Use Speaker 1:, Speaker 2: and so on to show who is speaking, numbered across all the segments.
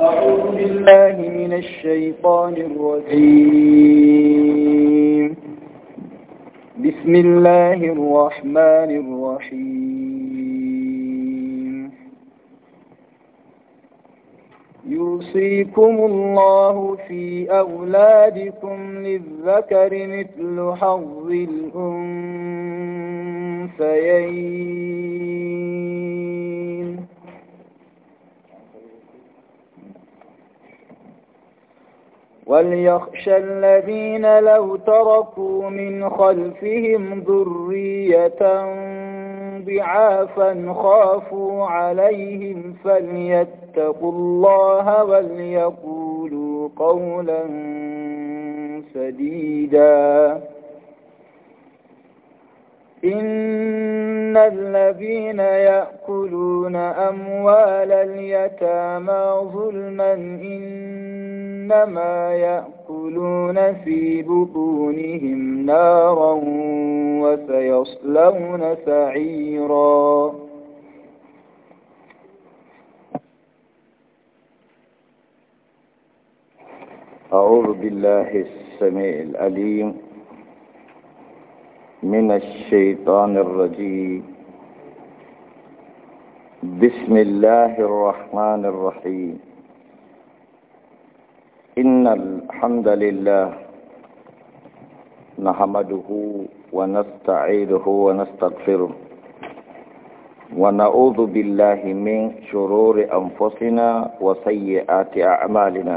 Speaker 1: أعوذ بالله من الشيطان الرجيم بسم الله الرحمن الرحيم يوصيكم الله في أولادكم للذكر مثل حظ الأنثيين وليخشى الذين لو تركوا من خلفهم ذرية ضعافا خافوا عليهم فليتقوا الله وليقولوا قولا سديدا إن الذين يأكلون أموال اليتامى ظلما إنما يأكلون في بطونهم نارا وسيصلون سعيرا
Speaker 2: أعوذ بالله السميع العليم من الشيطان الرجيم بسم الله الرحمن الرحيم إن الحمد لله نحمده ونستعيده ونستغفره ونعوذ بالله من شرور أنفسنا وسيئات أعمالنا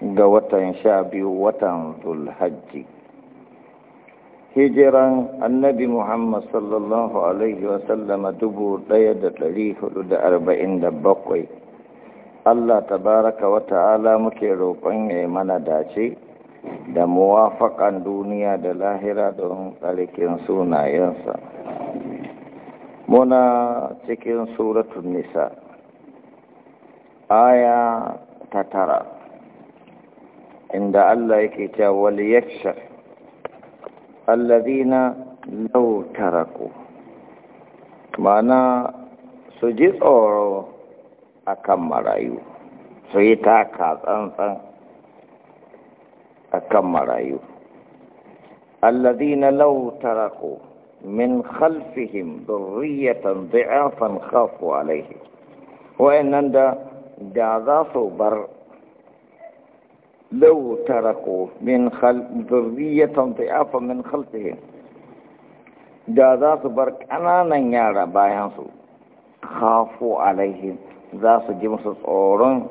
Speaker 2: ga watan sha biyu watan zulhajji hijiran annabi muhammad sallallahu alaihi wasallama dubu ɗaya da dari hudu da arba'in da bakwai allah ta baraka wa ta'ala muke roƙon ya yi mana dace da muwafaƙan duniya da lahira don tsarkin sunayensa muna cikin suratun nisa aya ta tara عند الله كتاب وليكشف الذين لو تركوا معنى سجد أورو أكم مرايو سيتا كاتان أكم مرايو الذين لو تركوا من خلفهم ذرية ضعافا خافوا عليه وإن عند جاذاف بر لو تركوا من خل ذرية ضعافا من خلقهم da za su bar ƙananan yara bayansu khafu alaihim za su ji musu tsoron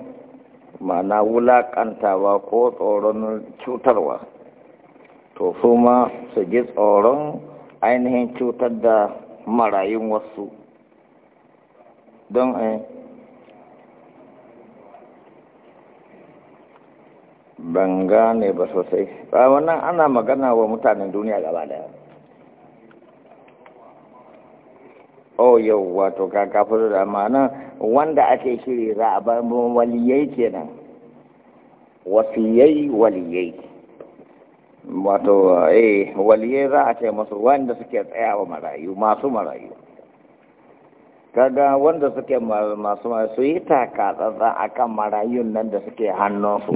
Speaker 2: mana wulaƙantawa ko tsoron cutarwa to su ma su ji tsoron ainihin cutar da marayun wasu don ban gane ba sosai ba wannan ana magana wa mutanen duniya gaba daya oh yau wato kakafin da ma'ana wanda ake shiri za a ba waliyai kenan wasiyai waliyai wato eh waliyai za a ce masu wanda suke tsayawa marayu masu marayu kaga wanda suke masu masu yi takatsatsa kan marayun nan da suke hannunsu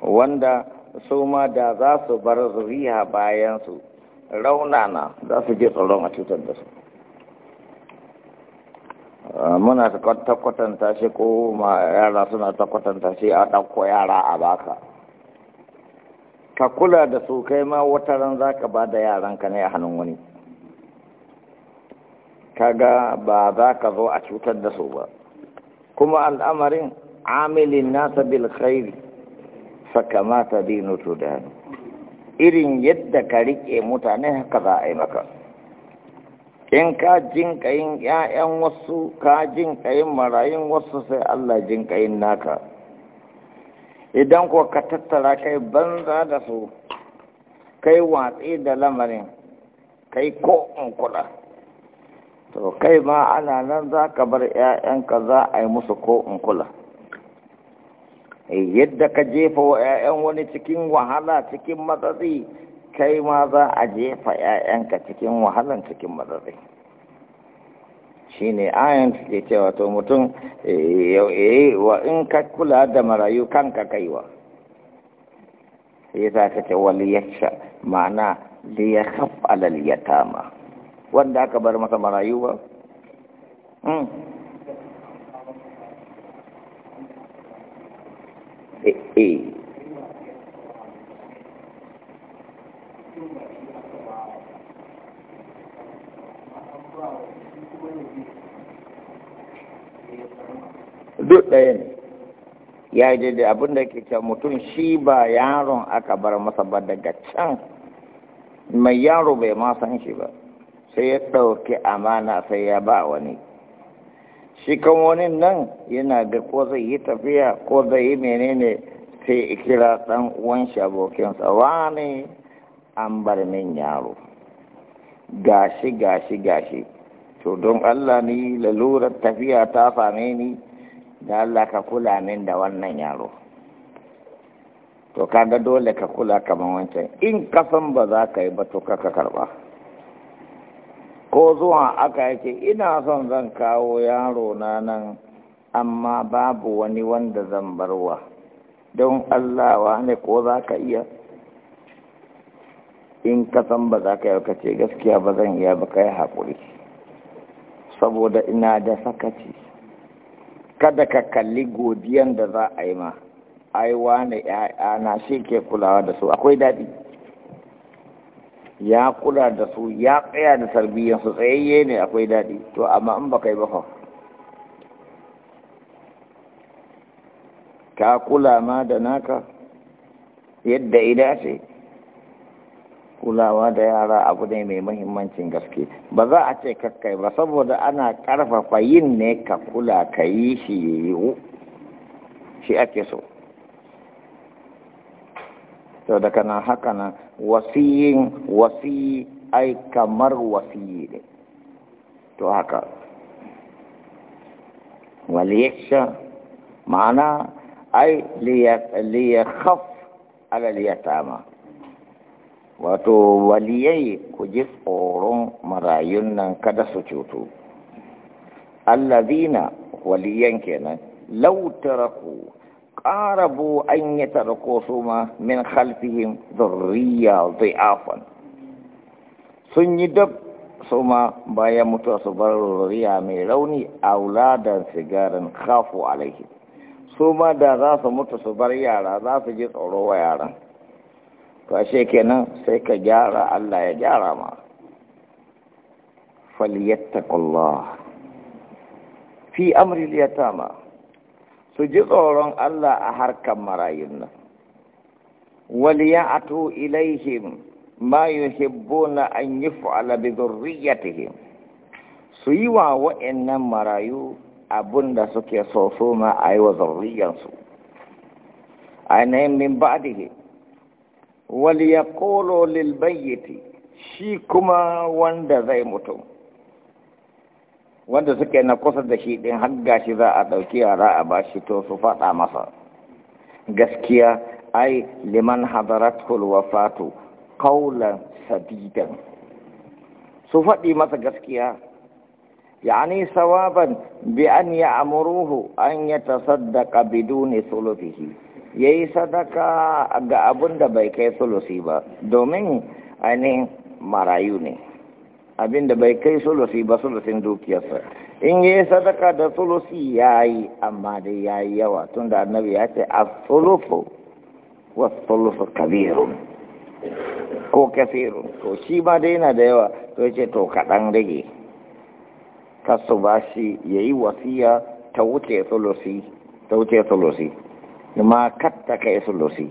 Speaker 2: wanda su ma da za su bar zuriya bayansu raunana za su je tsoron a cutar da su ah, muna ta kwatanta shi ko yara suna ta kwatanta shi a ɗauko yara a baka ka kula da su kai ma wata ran za ka ba da yaranka ne a hannun wani kaga ba za ka zo a cutar da su ba kuma al'amarin amilin nasa bil khairi fakamata da hannu. irin yadda ka rike mutane haka za a yi maka in ka jinkayin ƴaƴan wasu ka jinkayin marayun wasu sai Allah jinkayin naka idan ko ka tattara kai banza da su kai watsi da lamarin kai ko in kula to kai ma ana nan za ka bar ƴaƴanka za a yi musu ko in kula Eh, yadda ka jefa wa 'ya'yan wani cikin wahala cikin matsatsi kai ma za a jefa 'ya'yanka cikin wahalan cikin matsatsi shi ne ayan suke cewa to mutum eh, eh, wa in ka kula da marayu kanka kaiwa sai za ka ce wali ya sha ma'ana da ya haf alal yatama wanda aka bar masa marayu ba hmm. Eh, eh.
Speaker 3: duk ɗaya ne
Speaker 2: ya yi daidai abin da ke can mutum shi ba yaron aka bar masa ba daga can mai yaro bai ma san shi ba sai ya ɗauki amana sai ya ba wani shi kan wani nan yana da ko zai yi tafiya ko zai yi menene sai kira ɗan uwan shi abokinsa wani an bar min yaro gashi gashi gashi to don Allah ni lalurar tafiya ta same ni da Allah ka kula min da wannan yaro to kaga dole ka kula kamar wancan in kasan ba za ka yi ba to ka karba ko zuwa aka yake ina son zan kawo yaro na nan amma babu wani wanda zan barwa don Allah wa ne ko za ka iya in ka san ba za ka yi ka ce gaskiya ba zan iya ba ka yi haƙuri saboda ina da sakaci kada ka kalli godiyan da za a yi ma ai yaya na shi ke kulawa da su akwai daɗi ya kula da su ya tsaya da tarbiyyar tsayayye ne akwai daɗi to amma an baka yi ba fa ka kula ma da naka yadda ida ce kulawa da yara abu ne mai mahimmancin gaske ba za a ce kakkai ba saboda ana karfafa yin ne ka kula ka yi shi yi shi ake so saboda kana haka nan wasiyin wasi ai kamar wasiyi ne to haka waliyasha ma'ana ai khaf ala liyatama wato waliyai ku ji tsoron marayun nan kada su cutu allazina waliyan kenan lautaraku qarabu an yatarku suma min khalfihim dhurriya dha'afan sun yi dab suma bayan mutuwa su bar dhurriya mai rauni auladan sigarin khafu alaihi suma da za su mutu su bar yara za su ji tsoro wa yaran to kenan sai ka gyara Allah ya gyara ma falyattaqullah fi amri liyatama su ji tsoron Allah a harkar marayun nan. Waliya ya ato ilaihim ma yuhibbu na an yi fa’ala bi zurriyatihim su yi wa wa’yan marayu abin da suke so so ma a yi zurriyansu. A yanayin min ba wali ya kolo lilbayyati shi kuma wanda zai mutu. wanda suka yi na kusa da shi ɗin har gashi za a ɗauki yara a bashi to su faɗa masa gaskiya ai liman hadaratul wafatu kaulan sadidan su faɗi masa gaskiya ya'ani sawaban bi an amuruhu an yatasaddaqa biduni sulufihi yi sadaka ga abun da bai kai sulusi ba domin ainihin marayu ne abin da bai kai sulusi ba sulusin dukiyarsa in yi sadaka da sulusi ya yi amma dai ya yi yawa tun da annabi ya ce a sulufu wa sulufu Kabiru ko kafiru to shi ma dai yana da yawa to ce to kaɗan rage kasu ba shi ya yi wasiya ta wuce sulusi ta wuce sulusi ma katta kai sulusi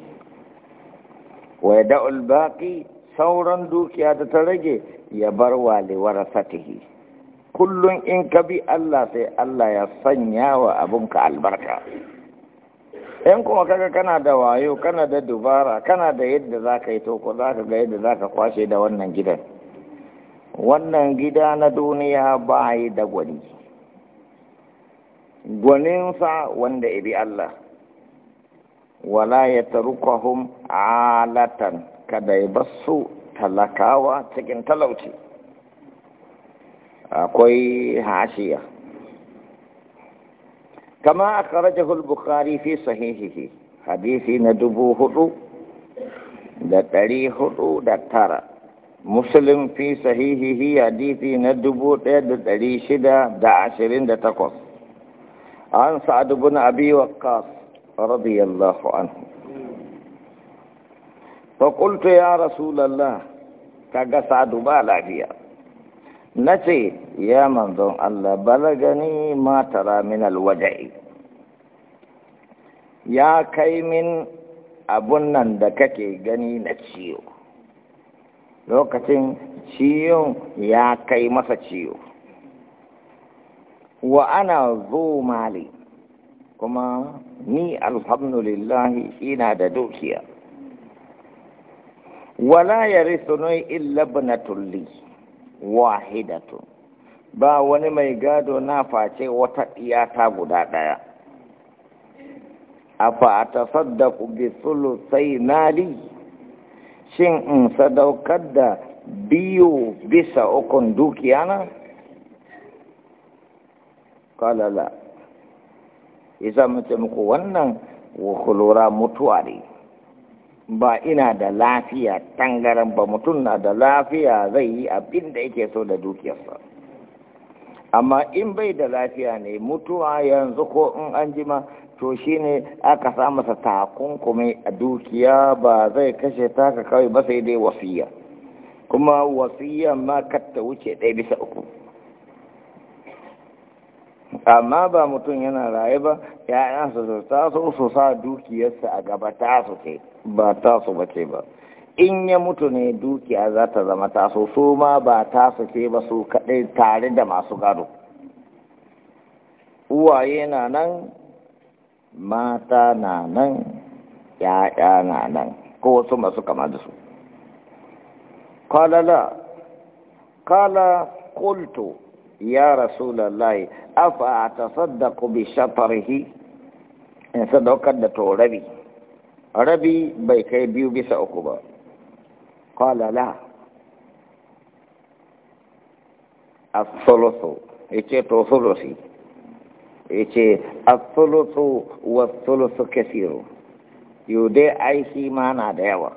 Speaker 2: wa ya da'ul baƙi sauran dukiya da ta rage ya bar wa liwarasatihi kullum in ka bi Allah sai Allah ya sanya wa abun ka albarka Yan kuma kaga kana da wayo kana da dubara kana da yadda za ka yi toko za ka ga yadda za ka kwashe da wannan gidan wannan gida na duniya ba yi da gwani gwaninsa wanda ibi Allah wala ya tarukahum alatan kada ya basu talakawa cikin talauci akwai hashiya kama akhrajahu al-bukhari fi sahihihi hadisi na dubu hudu da ɗari hudu da tara muslim fi sahihihi hadisi na dubu ɗaya da ɗari shida da ashirin da takwas an sa'ad bin abi waqqas radiyallahu anhu fakulta ya rasu rasulallah ka ga sadu ba lafiya na ce ya manzon Allah balagani matara min alwajai ya kai min abun nan da kake gani na ciwo? lokacin ciyon ya kai masa ciwo. wa ana zo mali kuma ni alhamdulillahi ina da dukiya wala ya risunoi illa wahida tun. ba wani mai gado na face wata iyata guda ɗaya afa a ku bi na li shin in sadaukar da biyu bisa ukun dukiyana? na kalala isa mace muku wannan wa kulura mutuwa ne ba ina da lafiya tangaran ba mutum na da lafiya zai yi abin da yake so da dukiyarsa amma in bai da lafiya ne mutuwa yanzu ko in an jima to ne aka sa takunkumi a dukiya ba zai kashe taka kawai ba sai dai wasiya kuma wasiya ma katta wuce ɗaya bisa uku amma ba mutum yana raye ba ya'yansa su taso su sa dukiyarsa a gaba taso ce ba tasu ba ce ba in ya mutu ne dukiya za ta zama tasu su ma ba tasu ce ba su kaɗai tare da masu gado uwaye na nan mata na nan ya'ya na nan ko wasu masu kama da su kwalala kala kultu ya lallai afa a tasaddaku bi shafarhi in sadaukar da torabi rabi bai kai biyu bisa uku ba qala la tsoloso ya ce to ya ce a tsoloso wa tsoloso kesiro Yau dai aiki ma na da yawa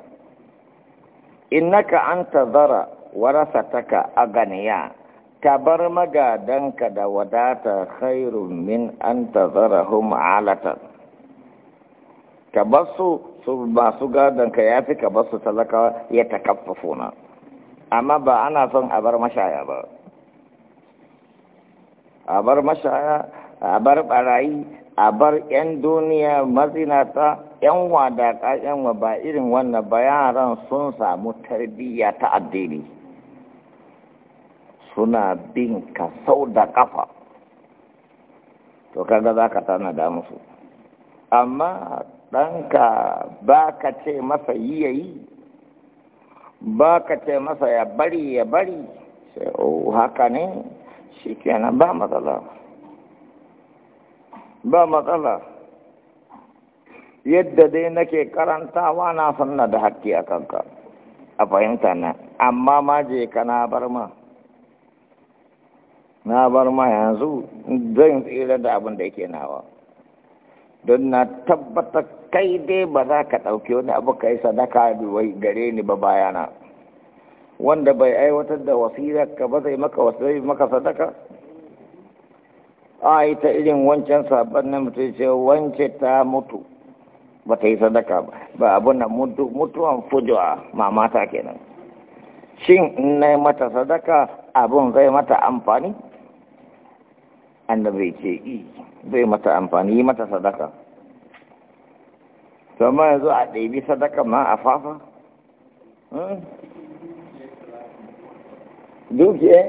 Speaker 2: innaka an tazara a aganiya ka bar magadanka da wadata khairun min an tazarahum alatan ka bar su su ba gadon ka ya fi ka bar su talakawa ya takaffafu na amma ba ana son a bar mashaya ba a bar mashaya a bar barayi a bar 'yan duniya mazinata 'yan wadaka 'yan ba irin wannan ba yaran sun samu tarbiyya ta addini suna bin ka sau da kafa to kaga za ka tana da musu amma ɗanka ba ka ce masa yi ya yi ba ka ce masa ya bari ya bari sai o oh, haka ne shi kenan ba matsala ba matsala yadda dai nake karantawa na sanna da haƙƙi a kanka a fahimta na amma ma je ka na bar ma na bar ma yanzu zan tsira da abin da yake nawa don na tabbatar kai dai ba za ka ɗauki wani abu ka yi sadaka wai gare ni ba bayana wanda bai aiwatar da wasirar ka ba zai maka wasirar maka sadaka a yi ta irin wancan sabon na mutu ce wance ta mutu ba ta yi sadaka ba ba abin da mutuwan ma mamata kenan shin in na mata sadaka abin zai mata amfani bai ce yi zai mata amfani yi mata sadaka kama yanzu a ɗabi sadaka ma a fafa hmm? dukiya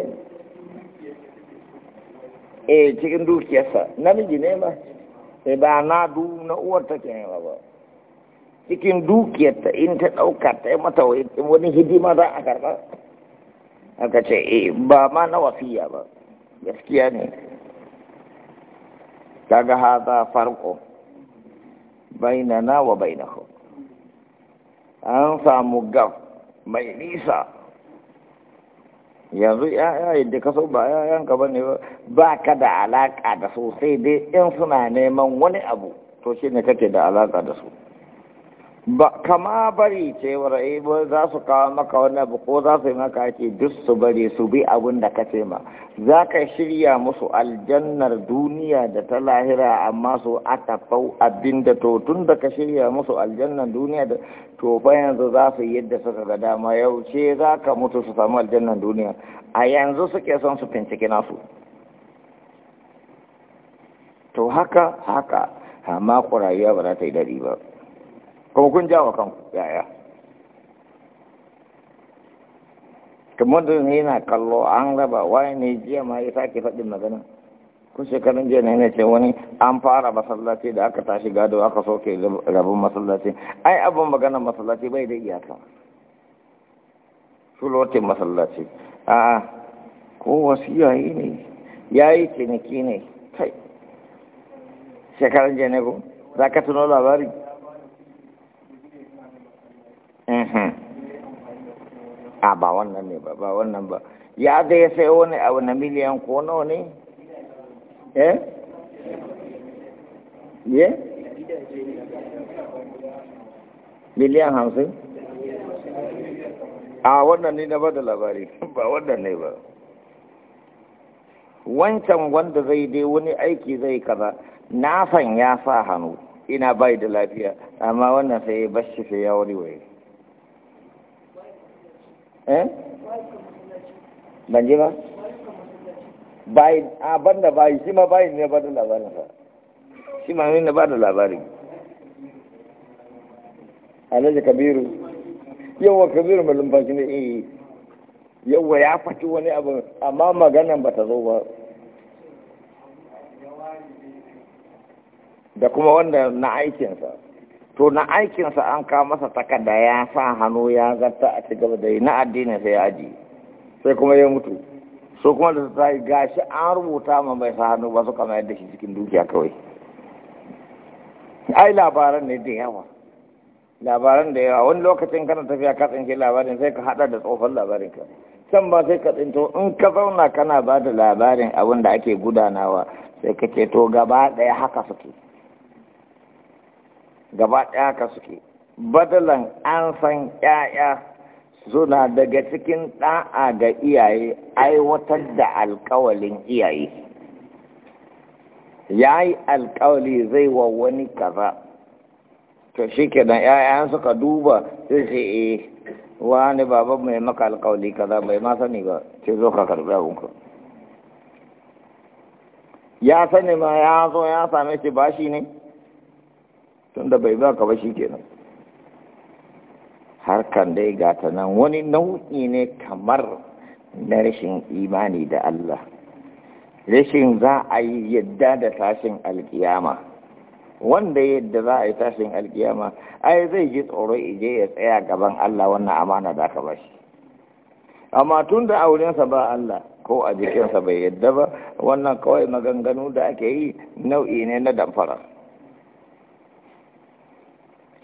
Speaker 2: e cikin dukiyarsa namiji ne ba sai eh, ba na du na uwar ta ne ba cikin dukiyarta in ta ɗauka ta yi mata wani hidima za a karɓa aka ce e ba ma na wafiya ba gaskiya ne ga haza farko bainana wa bainahu an samu gaf mai nisa yanzu ya yadda ka so ba yayanka ba ne ba ka da alaƙa da su dai in suna neman wani abu to shi ne kake da alaƙa da su ba kama bari cewar eh, ba za su kawo maka wani abu ko za su yi maka ake duk su bari su bi abin da ka ce ma za ka shirya musu aljannar duniya da ta lahira amma su a fau abin da to tun da ka shirya musu aljannar duniya da to fa yanzu za su yadda suka ga dama yau ce za ka mutu su samu aljannar duniya a yanzu suke son su bincike nasu to haka haka amma ƙurayya ba za ta yi daɗi ba kuma kun wa kanku yaya kamar da na kallo an raba wani ne jiya ma ya sake faɗin magana kun shekarun jiya ne ce wani an fara masallaci da aka tashi gado aka soke rabin masallaci ai abin maganar masallaci bai da iyaka sulotin masallaci a ko wasu yayi ne yayi ciniki ne kai shekarun jiya ne ko za ka tuno labari Uhm. a ah, ba wannan ne ba ba wannan ba ya da ya sai wani abu na miliyan ko nawa ne eh ye miliyan hamsin a wannan ne na ba da labari ba wannan ne ba wancan wanda zai dai wani aiki zai kaza na san ya sa hannu ina bai da lafiya amma wannan sai ya bashi sai ya wari waye eh ban ba bayin a banda bayi shi ma bayin ne ba da labarin sa shi ma ne ba da labarin alhaji kabiru yawa kabiru mai lumfashi ne eh yawa ya faci wani abu amma maganan ba ta zo ba da kuma wanda na aikinsa to na aikinsa an kawo masa takarda ya sa hannu ya zarta a ci gaba da yi na addinin sai ya aji sai kuma ya mutu so kuma da ta yi gashi an rubuta ma mai sa hannu ba su kama yadda shi cikin dukiya kawai ai labaran ne da yawa labaran da yawa wani lokacin kana tafiya ka tsinke labarin sai ka hada da tsofan labarin ka can ba sai ka tsinto in ka zauna kana ba da labarin abin da ake gudanawa sai ka ce to gaba ɗaya haka suke gaba ɗaya ka suke badalan an san ƴaƴa suna daga cikin ɗa'a ga iyaye aiwatar da alkawalin iyaye ya yi alkawali zai wa wani kaza to shi kenan ƴaƴan suka duba sai ce e wani baban mai maka alkawali kaza bai ma sani ba ce zo ka karɓi abinka ya sani ma ya zo ya same shi bashi ne tunda bai ba ka ba shi kenan harkan dai gata nan wani nau'i ne kamar na rashin imani da Allah rashin za a yi yadda da tashin alkiyama wanda yadda za a yi tashin alkiyama ai zai ji tsoro ije ya tsaya gaban Allah wannan amana da aka bashi amma tun da aurensa ba Allah ko a jikinsa bai yadda ba wannan kawai maganganu da ake yi nau'i ne na damfara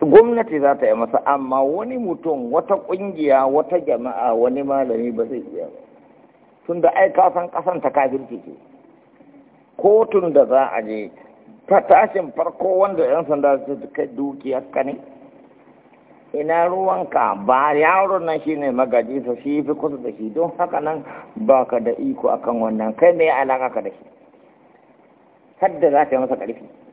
Speaker 2: gwamnati za ta yi masa amma wani mutum wata ƙungiya wata jama'a wani malami ba zai iya ba. tun da ai kasan kasan ta kafirci ce kotun da za a je ta tashin farko wanda 'yan sanda su kai dukiyar ka ne ina ruwanka ba yaro nan shine magaji sa shi fi kusa da shi don haka nan baka da iko akan wannan kai me alaka ka da shi hadda za ta yi masa ƙarfi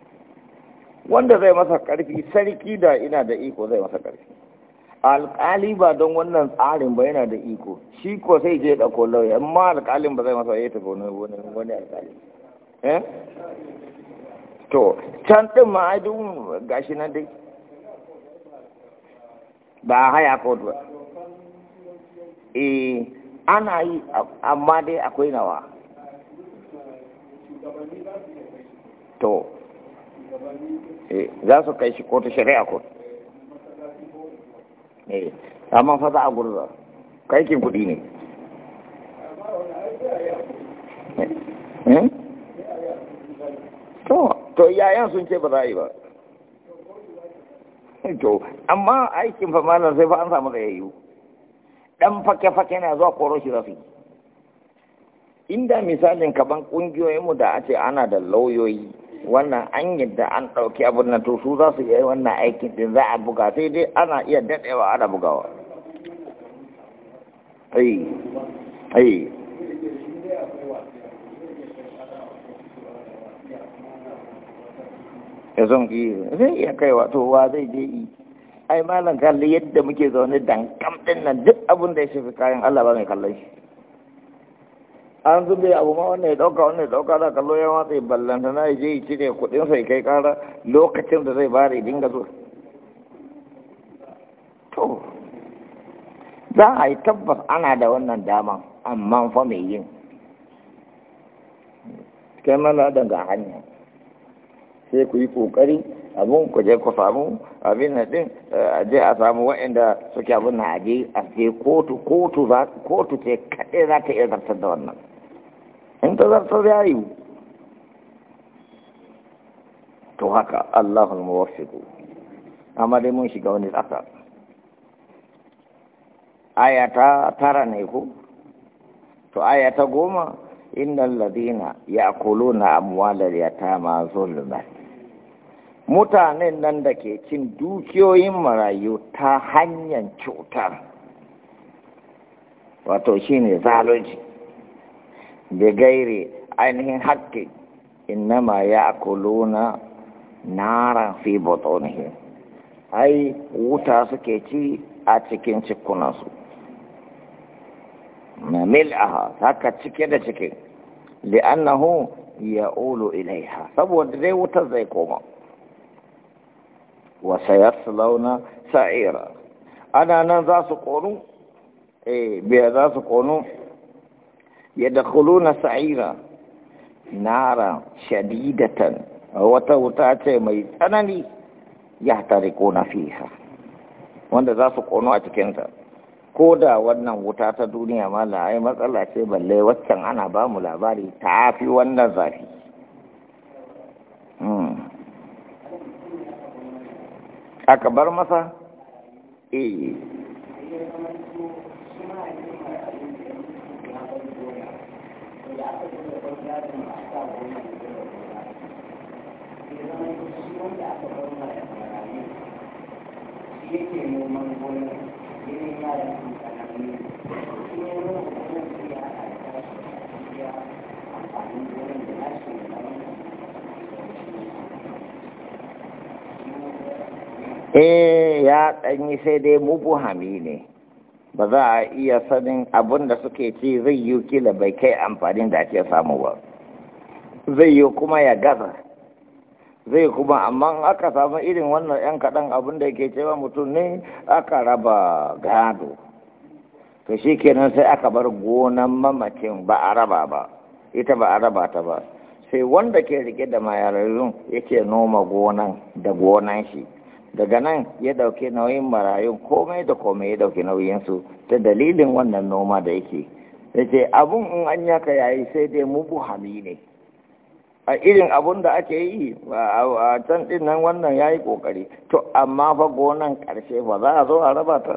Speaker 2: wanda zai masa ƙarfi sarki da ina da iko zai masa ƙarfi alƙali ba don wannan tsarin ba yana da iko shi ko sai je ɗauko lauya amma alƙalin ba zai masa ya tafi wani wani alƙali eh? to can ɗin ma ai duk gashi nan dai ba haya ko ba eh ana yi amma dai akwai nawa to Eh, za su kai shi kotu shari'a kotu eh, amma fa za a gurza kaikin kuɗi ne eh, to yayan sun ce ba za yi ba to amma aikin fa malar sai fa an samu tsayayyu dan fake-fake na zuwa koro shi rafi inda misalin kaban ƙungiyoyinmu da a ce ana da lauyoyi wannan an yadda an ɗauki abin na to su za su yi wannan aikin din za a buga sai dai ana iya daɗewa ana bugawa ai ai ya zan ki zai iya kai wato wa zai je yi ai malam kalli yadda muke zaune dankam ɗin nan duk abin da ya shafi kayan Allah ba mai kallon shi an zube abu ma wannan ya dauka wannan ya dauka da kallo ya matsa ballanta na ya je ya cire kudin sai kai kara lokacin da zai bari dinga zuwa to za a yi tabbas ana da wannan daman amma fa mai yin kai mana daga hanya sai ku yi kokari abin ku je ku samu abin na din eh, a je a samu waɗanda suke abin na aje a je kotu kotu ce kaɗai za ta iya zartar da wannan ta ya yi. to haka allahul muwaffiqu amma dai mun shiga wani tsaka aya ta tara ne ko to aya ta goma innal ladina ya'kuluna amwalal yatama zulman mutanen nan da ke cin dukiyoyin marayu ta hanyar cutar wato shine zalunci bigairi ainihin haƙƙi innama ya akuluna naran fi botonihim ai wuta suke ci a cikin cikunansu na mil'aha haka cike da cike li'annahu ya ulu ilaiha saboda dai wutar zai koma wasa ya launa sa'ira ana nan za su konu eh biya za su konu Ya na sa'ira nara shadidatan wata wuta ce mai tsanani ya na fiha wanda za su kono a cikinta ko da wannan wuta ta duniya ma ai matsala ce balle waccan ana ba mu labari ta fi wannan zafi hmm. aka bar masa eh
Speaker 3: yake ya haɗa
Speaker 2: Eh ya ɗanyi sai dai mubuhami ne. ba za a iya sanin abin da suke ci zai yi kila bai kai amfani da ake samu ba zai yi kuma ya gaza zai kuma amma aka samu irin wannan yan kaɗan abin da yake cewa mutum ne aka raba gado to shi kenan sai aka bar gonan mamacin ba a raba ba ita ba a raba ta ba sai wanda ke rike da mayararrun yake noma gonan da gonan shi daga nan ya dauke nauyin marayun komai da komai ya dauke nauyinsu ta dalilin wannan noma da yake ya ce abun in an yaka yayi sai dai mu Hami ne a irin abun da ake yi a can din nan wannan ya yi kokari to amma fa gonan karshe ba za a zo a raba ta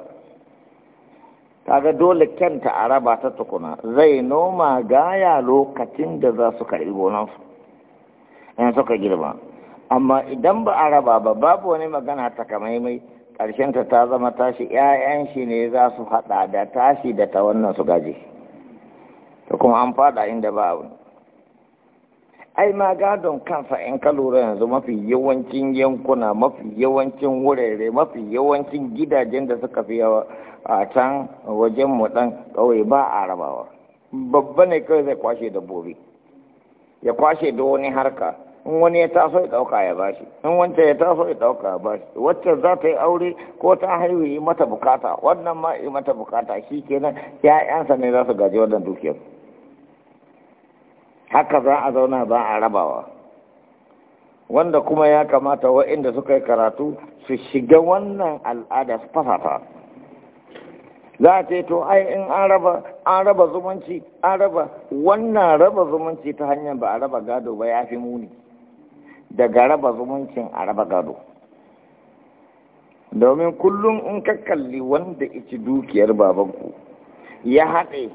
Speaker 2: kaga dole kyanta a raba ta tukuna zai noma gaya lokacin da za su karbi gonansu in suka girma amma idan ba a raba ba babu wani magana ta takamaimai ƙarshenta ta ta zama tashi ‘ya'yan shi ne za su haɗa da tashi da ta wannan su gaji ta kuma an fada inda ba abu ai ma gadon kansa ‘yan kalura yanzu mafi yawancin yankuna mafi yawancin wurare mafi yawancin gidajen da suka fi yawa a can wajen mu ɗan ƙauye ba a rabawa babba ne kawai zai kwashe dabbobi ya kwashe da wani harka in wani ya taso ya ɗauka ya bashi in wancan ya taso ya ɗauka ya bashi wacce za ta yi aure ko ta haihu yi mata bukata wannan ma yi mata bukata shi kenan ya'yansa ne za su gaji wannan dukiyar haka za a zauna ba a rabawa wanda kuma ya kamata wa'inda suka yi karatu su shiga wannan al'ada su fasata za a ce to ai in an raba an raba zumunci an raba wannan raba zumunci ta hanyar ba a raba gado ba ya fi muni daga raba zumuncin a raba gado domin kullum in ka kalli wanda ici dukiyar babanku ya haɗe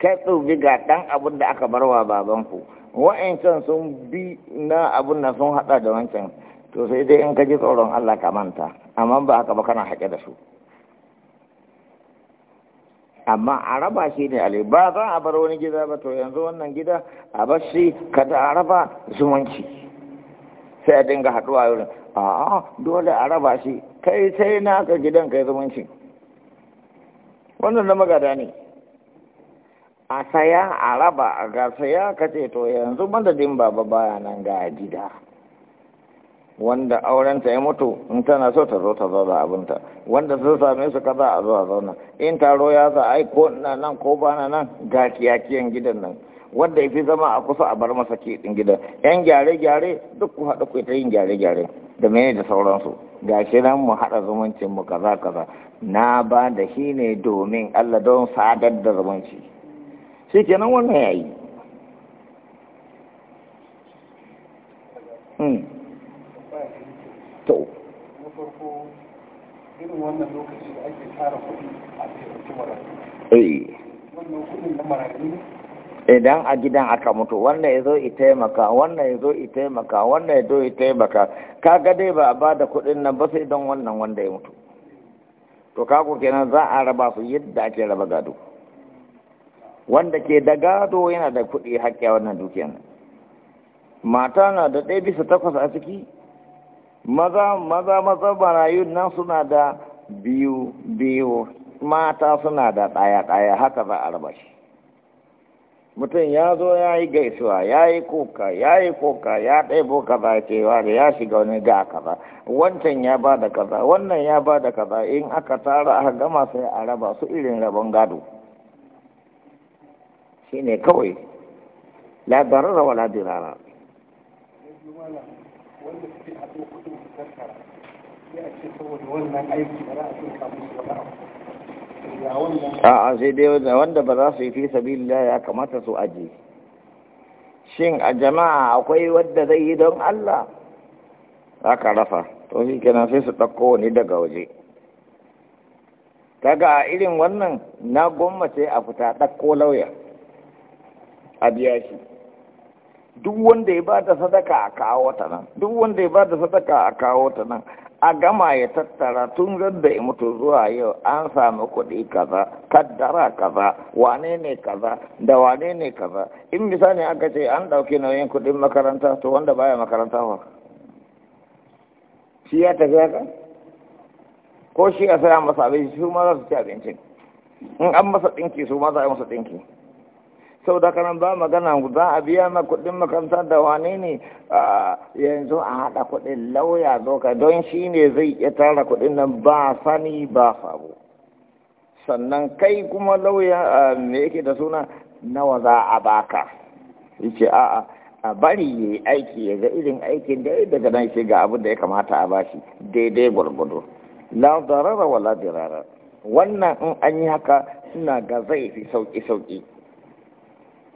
Speaker 2: ka tsobi ga ɗan abin da aka barwa babanku wa'ancan sun bi na abin na sun haɗa da wancan to sai dai in ka ji tsoron Allah ka manta amma ba haka ba kana haƙe da su amma a raba shi ne alai ba za a bar wani gida ba to yanzu wannan gida a bar shi kada a raba zumunci sai a dinga haɗuwa wurin a dole a raba shi kai sai na ka gidan kai zumunci wannan na magada ne a saya a raba a ga saya ka ce to yanzu madadin baba baya nan ga gida wanda aurenta ya mutu in tana so ta zo ta zauna abinta wanda sun same su kaza a zo a zauna in taro ya za ai ko ina nan ko ba nan ga kiyakiyan gidan nan wanda ya fi zama a kusa a bar masa ke ɗin gidan yan gyare-gyare duk ku haɗa ku ta yin gyare-gyare da mene da sauransu ga shi nan mu haɗa zumuncin mu kaza kaza na ba da shi ne domin Allah don sadar da zumunci shi kenan wannan ya yi.
Speaker 3: Hmm. wannan lokaci da ake tara kuɗi a taimaki eh. wannan kuɗin na
Speaker 2: idan a gidan aka mutu wannan ya zo taimaka wannan ya zo taimaka wannan ya zo taimaka kaga dai ba a ba da kuɗin nan ba sai don wannan wanda ya mutu to kaku kenan za a raba su yadda ake raba gado wanda ke da gado yana da kuɗi haƙƙi a wannan dukiyar mata na da ɗaya bisa takwas a ciki maza maza maza marayun nan suna da biyu biyu mata suna da ɗaya ɗaya haka za a raba shi mutum ya zo ya yi gaisuwa ya yi kuka ya yi kuka ya ɗaibo kaza cewa da ya shiga wani ga kaza wancan ya ba da kaza wannan ya ba da kaza in aka tara aka gama sai a raba su irin rabon gado shi ne kawai la darara wala dirara
Speaker 3: ya ce saboda wannan aiki ba za a
Speaker 2: a'a sai dai wanda ba za su yi fi sabilillah ya kamata su aji. shin a jama'a akwai wadda zai yi don Allah Za ka rafa to shi kenan sai su ɗauko wani daga waje kaga a irin wannan na gwammace a fita ɗauko lauya a biya shi duk wanda ya ba sadaka a kawo ta duk wanda ya ba da sadaka a kawo ta nan a gama ya tattara tun zadda ya mutu zuwa yau an samu kuɗi kaza kaddara kaza wane ne kaza da wane ne kaza in misali aka ce an ɗauki nauyin kuɗin makaranta to wanda baya makaranta ba shi ya tafi haka ko shi ya saya masa abinci su ma za su ci abincin in an masa ɗinki su ma za a yi masa ɗinki sau da kanan ba magana za a biya ma kuɗin makaranta da wane ne yanzu a haɗa kuɗin lauya doka don shi ne zai iya tara kuɗin nan ba sani ba sabo sannan kai kuma lauya me yake da suna nawa za a baka yace a'a a bari ya yi aiki ya ga irin aikin da ya daga nan shiga abin da ya kamata a bashi daidai gwargwado la darara dirara wannan in an yi haka suna ga zai fi sauki sauki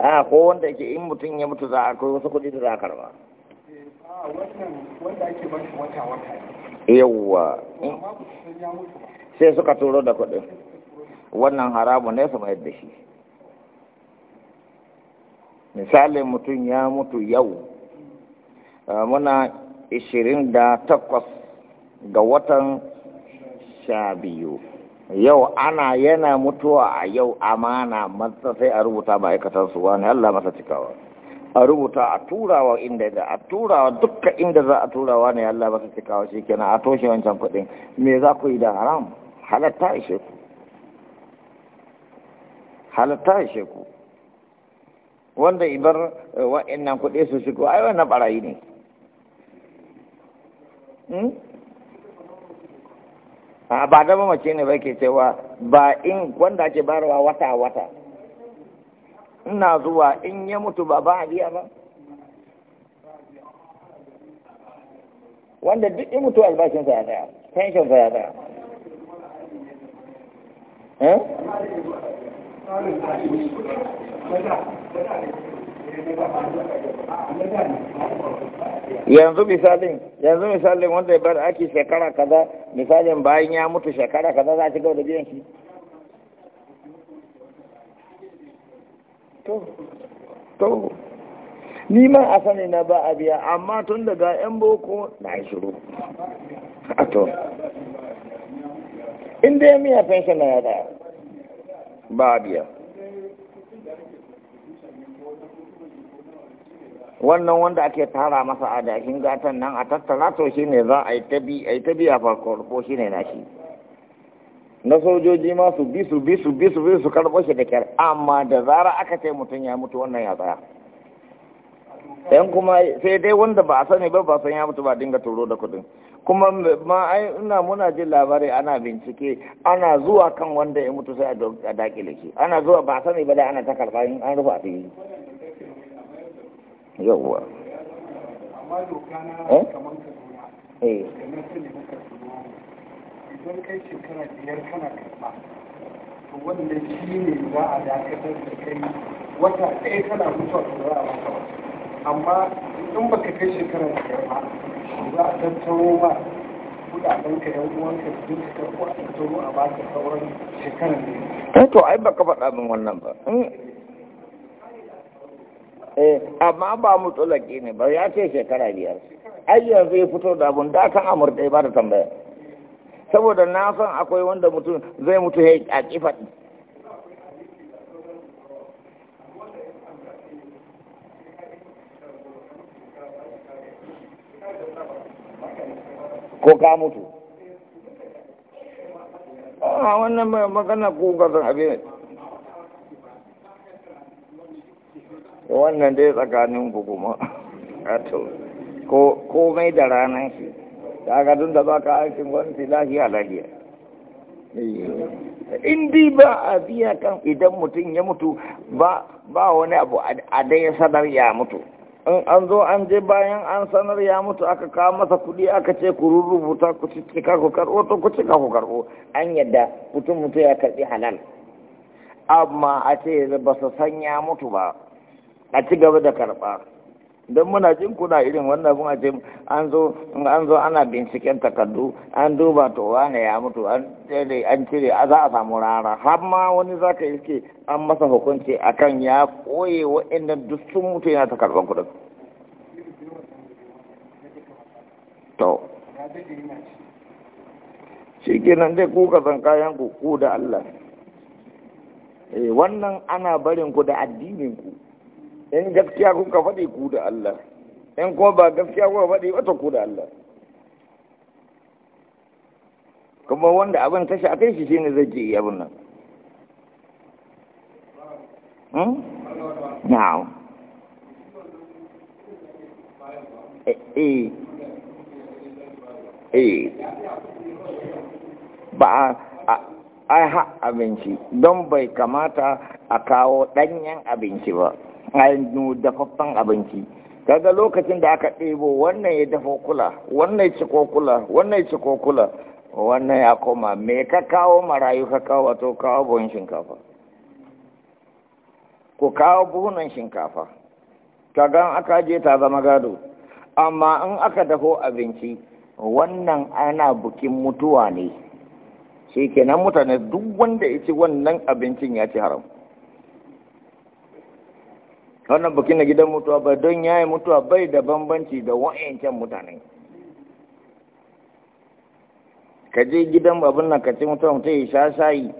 Speaker 2: a ko wanda ke in mutum ya mutu za a kai wasu kudi da za a karba yawwa sai suka turo da kuɗi. wannan haramu ne su mayar da shi misali mutum ya mutu yau muna ishirin da takwas ga watan sha biyu yau ana yana mutuwa a yau amana matsa sai a rubuta ma'aikatan su wani Allah masa cikawa a rubuta a turawa inda da a turawa dukkan inda za a turawa ne Allah masa cikawa shi kenan a toshe wancan kuɗin me za ku yi da haram halatta ishe ku halatta ishe ku wanda ibar eh, wa'annan kudi su shigo ai wannan barayi ne hmm? ba da mace ne ba ke cewa ba in wanda ake bayarwa wata wata ina zuwa in ya mutu ba ba a biya ba wanda duk in mutu albashinsa ya tsaya pensionsa ya tsaya
Speaker 3: eh yanzu
Speaker 2: misalin yanzu misalin wanda ya bar aki shekara kaza misalin bayan ya mutu shekara kaza za a ci gaba da biyan shi to nima a sani na ba a biya amma tun daga yan boko na shiru a to inda ya miya fenshi na ya ba a biya wannan wanda ake tara masa a dakin gatan nan a tattara to shi ne za a yi tabi a yi a farko ko shi ne nashi na sojoji ma su bi su bi su bi su bi su karɓo shi da kyar amma da zara aka ce mutum ya mutu wannan ya tsaya yan kuma sai dai wanda ba a sani ba ba san ya mutu ba dinga turo da kudin kuma ma ai ina muna jin labarai ana bincike ana zuwa kan wanda ya mutu sai a dakile shi ana zuwa ba a sani ba da ana ta karɓa in an rufe a fili yawwa
Speaker 3: amma doka na kamar eh kamar sani na kaduna eh. idan kai shekara biyar kana karɓa to wannan shi ne za a dakatar da kai wata ɗaya kana mutuwa to za a maka amma in ka kai shekara biyar ba za a tattaro ba kudadenka yan uwanka da duk ko a tattaro a baka sauran shekarar ne. Eh, to ai baka faɗa min wannan ba.
Speaker 2: eh amma ba mu tsulaki ne ba ya ce shekara biyar ai yanzu ya fito da abun da kan amurka ba da tambaya saboda na san akwai wanda mutum zai mutu ya a kifa ko ka mutu a ah, wannan magana ko zan abin wannan dai tsakanin kuma ato ko komai da ranar shi ta gadun da ka aikin gwamnati lafiya lahiya
Speaker 3: eh,
Speaker 2: in ba a biya kan idan mutum ya mutu ba wani abu a dai sanar ya mutu in an zo an je bayan an sanar ya mutu aka kawo masa kuɗi aka ce ku rubuta ku cika ku karbo to ku cika ku karbo an yadda mutum mutu ya karɓi halal amma a ce ba su san ya mutu ba a ci gaba da karɓa don muna jin kuna irin wannan abin a ce an zo an zo ana binciken takardu an duba to wane ya mutu an cire an cire a za a samu rara har ma wani za ka iske an masa hukunci akan ya koye wa'annan duk sun mutu yana ta karɓar kuɗin to shi kenan dai ku ka san kayan ku ku da Allah eh, wannan ana barin ku da addinin ku in gaskiya kuka faɗi ku da Allah in kuma ba gaskiya kuka faɗi wata ku da Allah kuma wanda abin ta akai shi shine zai je iya abin nan hmm? na'am eh eh, eh. ba ai ha abinci don bai kamata a kawo ɗanyen abinci ba ainihin dafaffen abinci kaga lokacin da aka ɗebo wannan ya dafa kula wannan ci kula wannan ci kula wannan ya koma me ka kawo marayu ka kawo wato kawo buhun shinkafa ku kawo buhunan shinkafa kaga aka je ta zama gado amma in aka dafo abinci wannan ana bukin mutuwa ne shi kenan mutane duk wanda ya ci wannan abincin ya ci haram wannan bukin na gidan mutuwa ba don ya yi mutuwa bai da bambanci da wa'ancan mutane ka je gidan babin nan ka ci mutuwa mutu ya sha shayi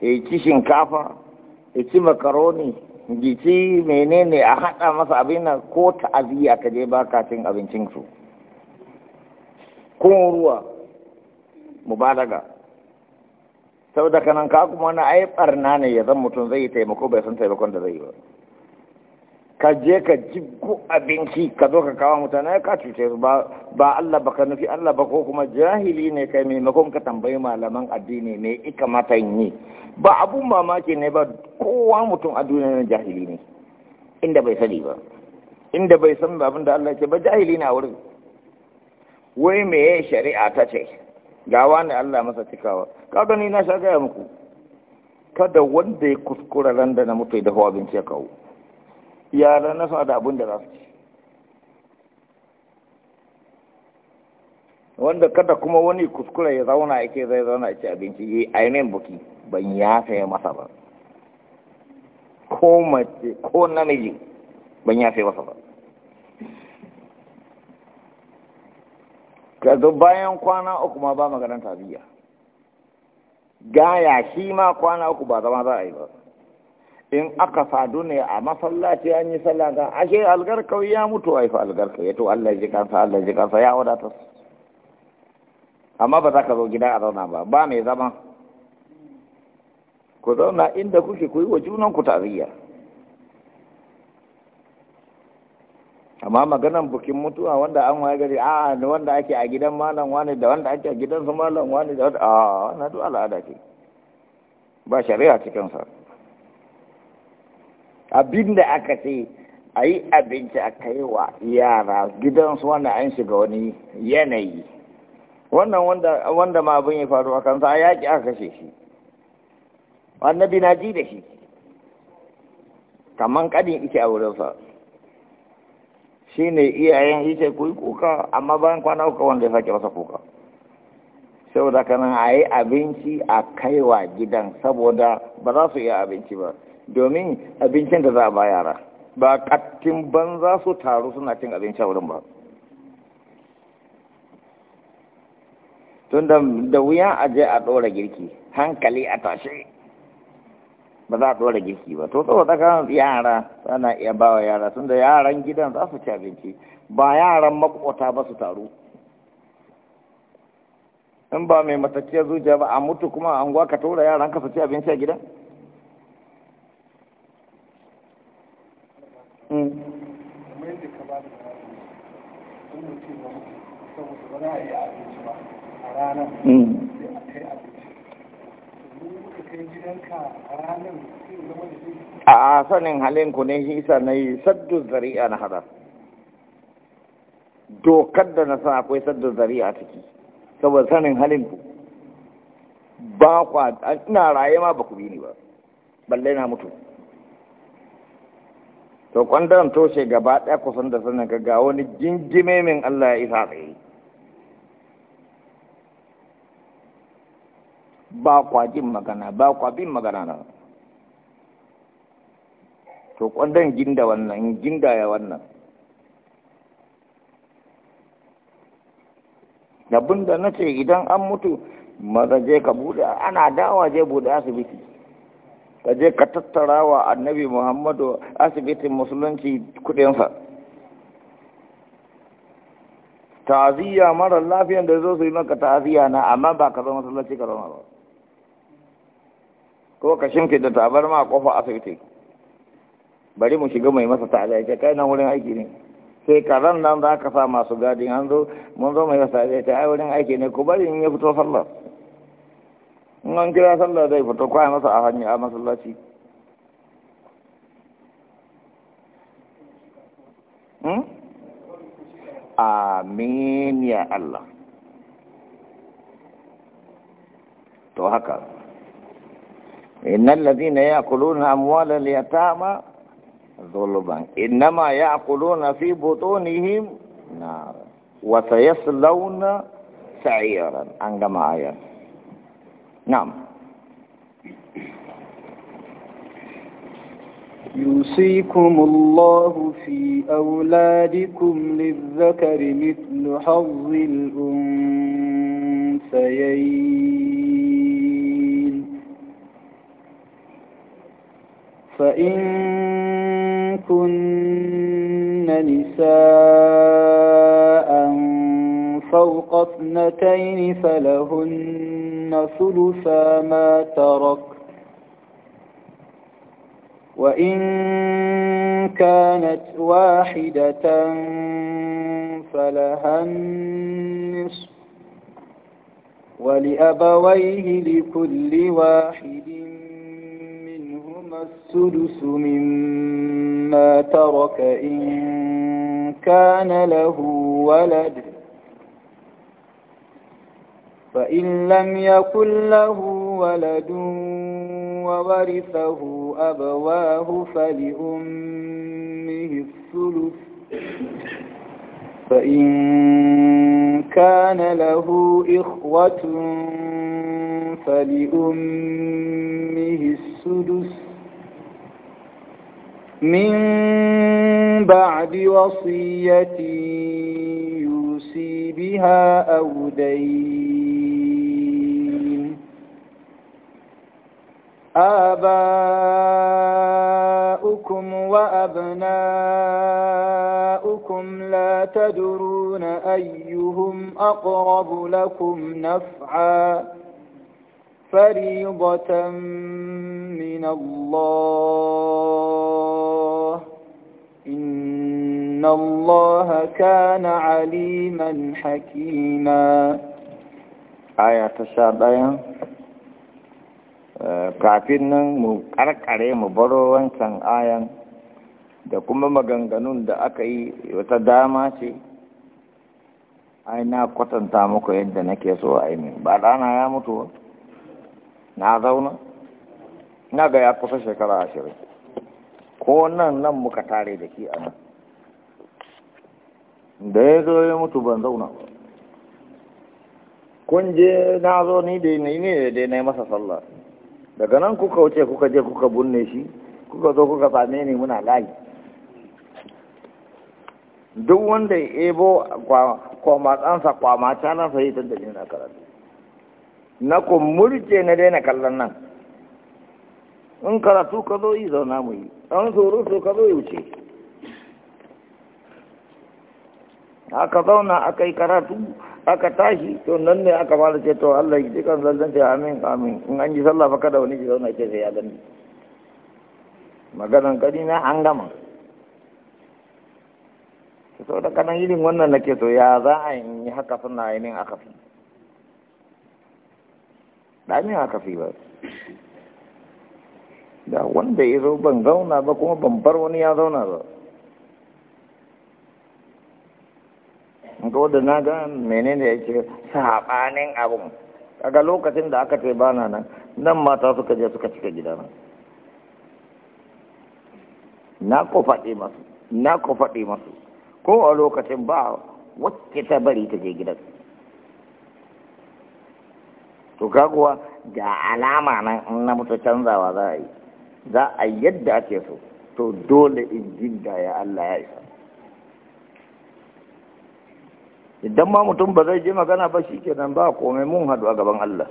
Speaker 2: ya ci shinkafa ya ci makaroni gici menene a haɗa masa abin nan ko ta'aziyya ka je ba ka cin abincinsu kun ruwa mubalaga sau da kanan ka kuma wani ai barna ne ya zan mutum zai taimako bai san taimakon da zai yi ba ka je ka jibgo abinci ka zo ka kawo mutane ka cuce su ba Allah ba ka nufi Allah ba ko kuma jahili ne kai maimakon ka tambayi malaman addini ne ika mata yi ba abun mamaki ne ba kowa mutum a duniya jahili ne inda bai sani ba inda bai san abin da Allah ce ba jahili na wurin wai me shari'a ta ce gawa ne Allah masa cikawa kaga ni na sha gaya muku kada wanda ya kuskura ran da na mutu da hawa binci ya kawo yara na sa da abin da za su ci wanda kada kuma wani kuskura ya zauna yake zai zauna ya ci abinci yi ainihin buki ban ya saya masa ba ko mace ko namiji ban ya saya masa ba kazo bayan kwana uku ma ba maganar tarbiyya gaya shi ma kwana uku ba zama za a yi ba in aka sadu ne a masallaci an yi sallah ga ashe algarkau ya mutu a fa algarkau ya to Allah ya ji kansa Allah ya ji kansa ya wadata amma ba za ka zo gida a zauna ba ba mai zama ku zauna inda kuke ku yi wa junan ku tarbiyya amma maganan bukin mutuwa wanda an waye gari a wanda ake a gidan malam wani da wanda ake a gidan su malam wani da wanda a na duk al'ada ce ba shari'a cikin abin da aka ce a yi abinci a kai wa yara su wanda an shiga wani yanayi wannan wanda ma abin ya faru a kansa a yaƙi aka kashe shi annabi na ji da shi kamar kadin ike a wurinsa shi ne iyayen ita ku yi kuka amma bayan kwana uku wanda ya sake masa kuka saboda kanan a yi abinci a kaiwa gidan saboda ba za su iya abinci ba domin abincin da za a ba yara ba kattin ban za su taru suna cin abinci a wurin ba tun da wuya a je a ɗora girki hankali a tashe ba za a ɗora girki ba to saboda kan yara ana iya ba wa yara tun da yaran gidan za su ci abinci ba yaran makota ba su taru in ba mai matacce zuciya ba a mutu kuma an gwa ka tura yaran ka su ci abinci a gidan
Speaker 3: ranar hmm. hmm. hmm.
Speaker 2: a sanin halin ku ne hisa na yi saddu zari'a na hadar dokar da na sa akwai saddu zari'a ciki saboda sanin halin ku ba kwa ina raye ma ba ku bi ni ba balle na mutu to kwandaran toshe gaba ɗaya kusan da sanin ga wani jingime min Allah ya isa tsaye ba kwa jin magana ba kwa bin magana na to kwandon ginda wannan ginda ya wannan abin da na ce idan an mutu maza je ka bude ana dawa je bude asibiti ka je ka tattara wa annabi muhammadu asibitin musulunci kudinsa ta'aziyya mara lafiyan da zo su yi maka ta'aziyya na amma ba ka zo masallaci ka zama ba ko ka shimfi da tabar a kofa asibiti bari mu shiga mai masa ta'aziyya ce kai nan wurin aiki ne sai ran nan za ka sa masu gadin an zo mun zo mai masa ta'aziyya ce ai wurin aiki ne ku bari in ya fito sallah in an kira sallah zai fito kwaya masa a hanya a masallaci hmm? amin ya Allah to haka إن الذين يأكلون أموال اليتامى ظلما إنما يأكلون في بطونهم نارا وسيصلون سعيرا عندما آية
Speaker 1: نعم يوصيكم الله في أولادكم للذكر مثل حظ الأنثيين فإن كن نساء فوق اثنتين فلهن ثلثا ما ترك وإن كانت واحدة فلها النصف ولأبويه لكل واحد السدس مما ترك إن كان له ولد فإن لم يكن له ولد وورثه أبواه فلأمه الثلث فإن كان له إخوة فلأمه السدس من بعد وصية يوصي بها أو دين آباؤكم وأبناؤكم لا تدرون أيهم أقرب لكم نفعاً فريضة من الله إن الله كان عليما حكيما آية تسابعة
Speaker 2: kafin nan mu ƙarƙare mu baro wancan ayan da kuma maganganun da aka yi wata dama ce ai na kwatanta muku yadda nake so a yi ba rana ya mutu na zauna na ga ya kusa shekara ashirin ko nan nan muka tare da ke a nan da ya zo ya mutu ban zauna ba kun je na zo ni da ni ne da na masa sallah daga nan kuka wuce kuka je kuka bunne shi kuka zo kuka same ni muna layi duk wanda ya ebo kwamatsansa kwamata na fahimtar da ni na karatu na ku murje na daina kallon nan in karatu ka zo yi zauna mu yi an surutu ka zo yi wuce aka zauna aka yi karatu aka tashi to nan ne aka fara ce to Allah yi jikan zallan ce amin amin in an ji sallah fa kada wani ji zauna ce sai ya gani maganan gani na an gama sau da kanan irin wannan nake to ya za a yi haka suna yi aka fi ɗamin haka fi ba da wanda ya zo ban zauna ba kuma ban bar wani ya zauna ba ga na ga menene ya ce saɓanin abin daga lokacin da aka ce bana nan nan mata suka je suka cika gida na ko masu na ko faɗi masu ko a lokacin ba wacce ta bari ta je gidansu to kaguwa ga alama nan in na mutu canzawa za a yi za a yadda ake so to dole in jinda ya Allah ya isa idan ma mutum ba zai je magana ba shi kenan ba komai mun hadu a gaban Allah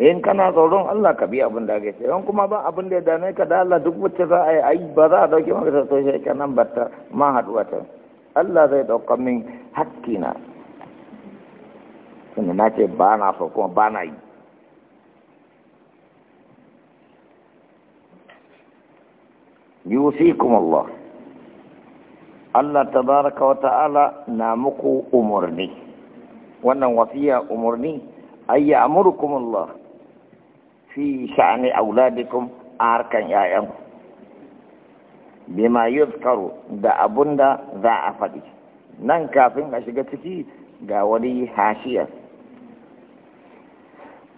Speaker 2: in kana tsoron Allah ka bi abin da ake ce don kuma ba abin da ya dame ka da Allah duk wacce za a yi ai ba za a dauke maka ta shi kenan ba ta ma haduwa ta Allah zai ɗauka min hakkina tunda na ce ba na so kuma ba na yi kuma Allah Allah tabaraka wa ta'ala na muku umarni wannan wasiya umarni ayya amurkum Allah fi sha'ani auladikum arkan ya'yan bima yuzkaru da abunda za a faɗi nan kafin a shiga ciki ga wani hashiyar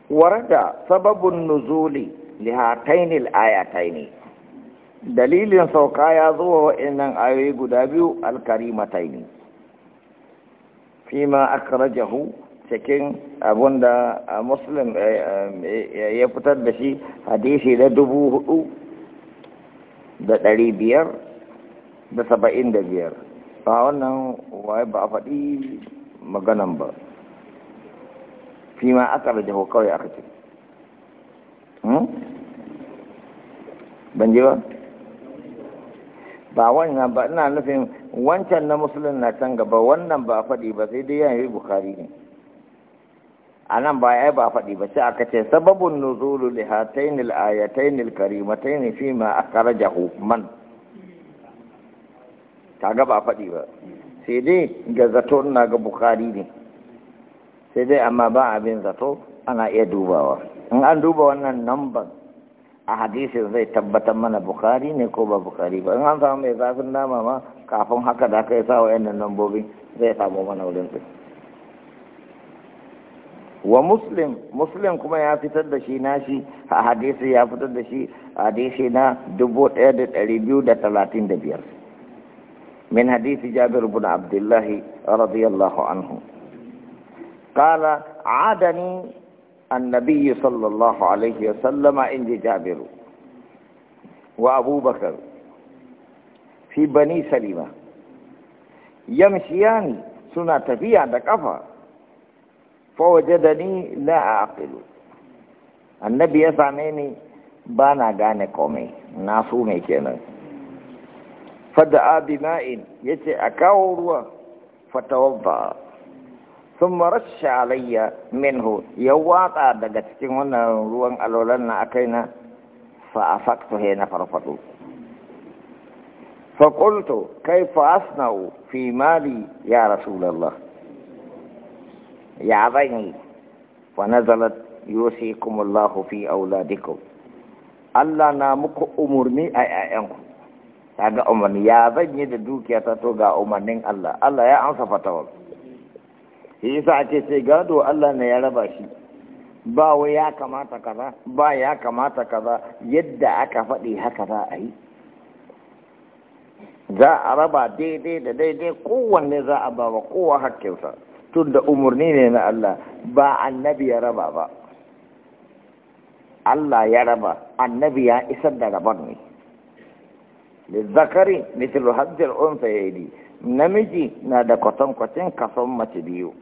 Speaker 2: warada sababin nuzuli lihatainil ayataini dalilin sauka ya zo waɗannan wa'annan ayoyi guda biyu alkarimataini fima akrajahu cikin abunda muslim eh, eh, ya fitar da shi hadisi da dubu hudu da dari biyar da saba'in da biyar ba wannan waye ba faɗi maganan ba Fima ma aka kawai aka ce hmm? ban ji ba ba wannan ba ina nufin wancan na musulun na can gaba wannan ba faɗi ba sai dai yayi bukari ne a nan ba ya ba a faɗi ba sai aka ce sababin nuzulu li hatayn al ayatayn al karimatayn fi ma jahu man kaga ba a faɗi ba sai dai ga zato na ga bukari ne sai dai amma ba abin zato ana iya dubawa in an duba wannan namban a hadisin zai tabbatar mana bukari ne ko ba bukari ba in an samu mai zafin nama ma kafin haka da aka yi sa wa yannan nambobin zai samu mana wurin su wa muslim muslim kuma ya fitar da shi nashi a hadisi ya fitar da shi a hadisi na dubu ɗaya da ɗari biyu da talatin da biyar min hadisi jabir bin abdullahi radiyallahu anhu قال عادني النبي صلى الله عليه وسلم عند جابر وأبو بكر في بني سليمه يمشيان سنة في عند كفا فوجدني لا أعقل النبي يسعني بانا غاني قومي ناسومي كينا فدعا بماء يتي أكاوروا فتوضأ sun marasha alayya minhu ya watsa daga cikin wannan ruwan alolan na akai na fa'afaktu he na farfado fakulto kai fa'asna'u fi mali ya rasulallah ya zan yi wa nazalat yusikumullahu fi auladikum Allah na muku umarni a ‘ya'yanku, ta ga umarni ya zan yi da dukiya ta to ga umarnin Allah, Allah ya amsa fatawar. shi yasa ake ce gado Allah ne ya raba shi ba wai ya kamata kaza ba ya kamata kaza yadda aka faɗi haka za a yi za a raba daidai da daidai kowanne za a ba wa kowa hakkinsa tun da umarni ne na Allah ba annabi ya raba ba Allah ya raba annabi ya isar da rabar ne lizzakari mithlu hajjal unsa yayi namiji na da kwatankwacin kason mace biyu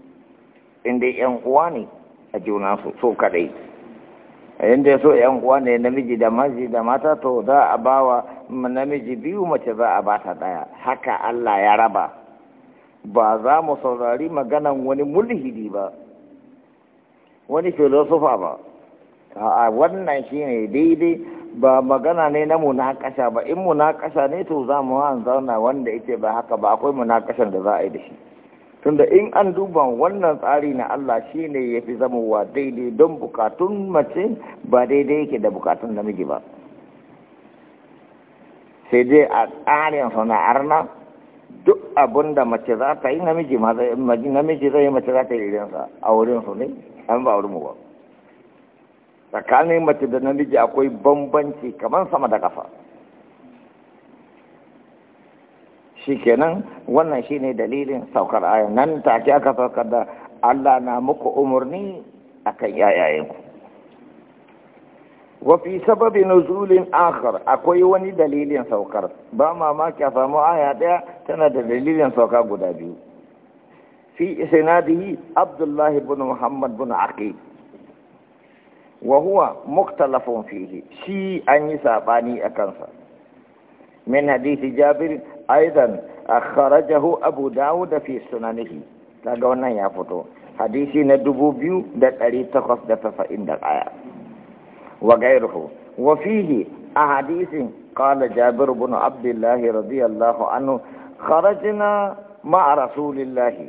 Speaker 2: inda yan uwa ne a juna su so kadai inda so yan uwa ne namiji da maji da mata to za a ba wa namiji biyu mace za a ba ta daya haka Allah ya raba ba za mu saurari maganan wani mulhidi ba wani filosofa ba a wannan shine daidai ba magana ne na munakasha ba in munakasha ne to za mu zauna wanda yake ba haka ba akwai munakashan da za a yi da shi tunda in an duba wannan tsari na Allah shi ne ya fi zamowa daidai don bukatun mace ba daidai yake da bukatun namiji ba sai dai a tsarin sana'ar na duk abin da mace za ta yi namiji namiji zai mace za ta yi irinsa a wurin su ne an ba wurin mu ba tsakanin mace da namiji akwai bambanci kamar sama da kafa shi kenan wannan shine dalilin saukar ayan nan take aka saukar da Allah na muku umarni akan yayayenku fi sababi nuzulin akhar akwai wani dalilin saukar ba mamaki a samu aya daya tana da dalilin sauka guda biyu fi isnadihi Abdullahi ibn muhammad ibn aqil wa huwa muktalafun fihi shi an yi sabani a kansa. min hadisi jabir aidan akharajahu abu dawud fi sunanihi kaga wannan ya fito hadisi na 2891 wa gairuhu wa fihi a hadisin qala jabir ibn abdullah radiyallahu anhu kharajna ma'a rasulillahi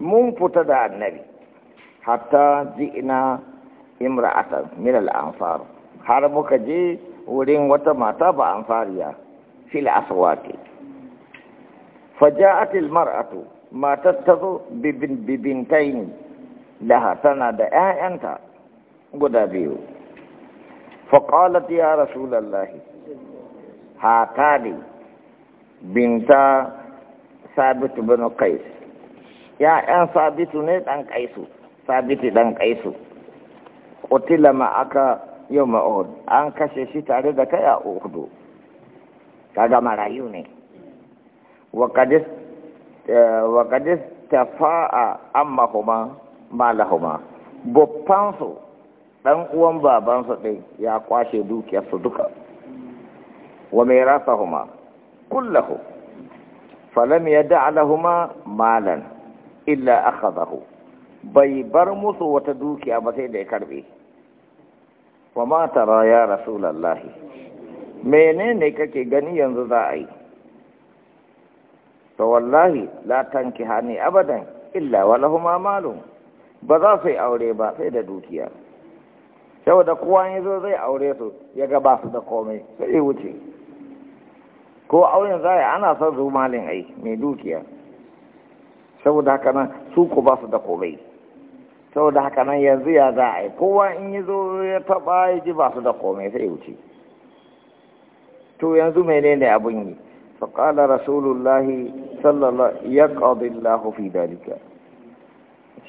Speaker 2: mun fita da annabi hatta ji'na imra'atan min al-ansar har muka je wurin wata mata ba ansariya في الأصوات فجاءت المرأة ما تتضو ببن ببنتين لها تنادى آه أنت قدابيو فقالت يا رسول الله هاتاني بنت ثابت بن قيس يا أن ثابت نيت أن قيسو ثابت أن قيسو قتل معك يوم أهد أن كششت على ذكاء أهدو kaga marayu ne wa kadis eh, amma huma malahuma babbansu ɗan uwan babansu ɗin ya kwashe dukiyarsu duka wa mai rasa huma kullahu falam ya huma malan illa akhadahu bai bar musu wata dukiya ba sai da ya karbe wa ma tara ya rasulallahi Mene ne kake gani yanzu za a yi to wallahi la tanki hani abadan illa walahuma malum ba za su yi aure ba sai da dukiya saboda kowa ya zo zai aure su ya ga ba su da komai sai ya wuce ko auren yi ana son zuwa malin ai mai dukiya saboda haka nan su ku ba su da komai saboda haka nan yanzu ya za a yi kowa in yi zo ya taba ya ji ba su da komai sai ya wuce to yanzu menene abin yi فقال رسول sallallahu صلى الله يقضي fi dalika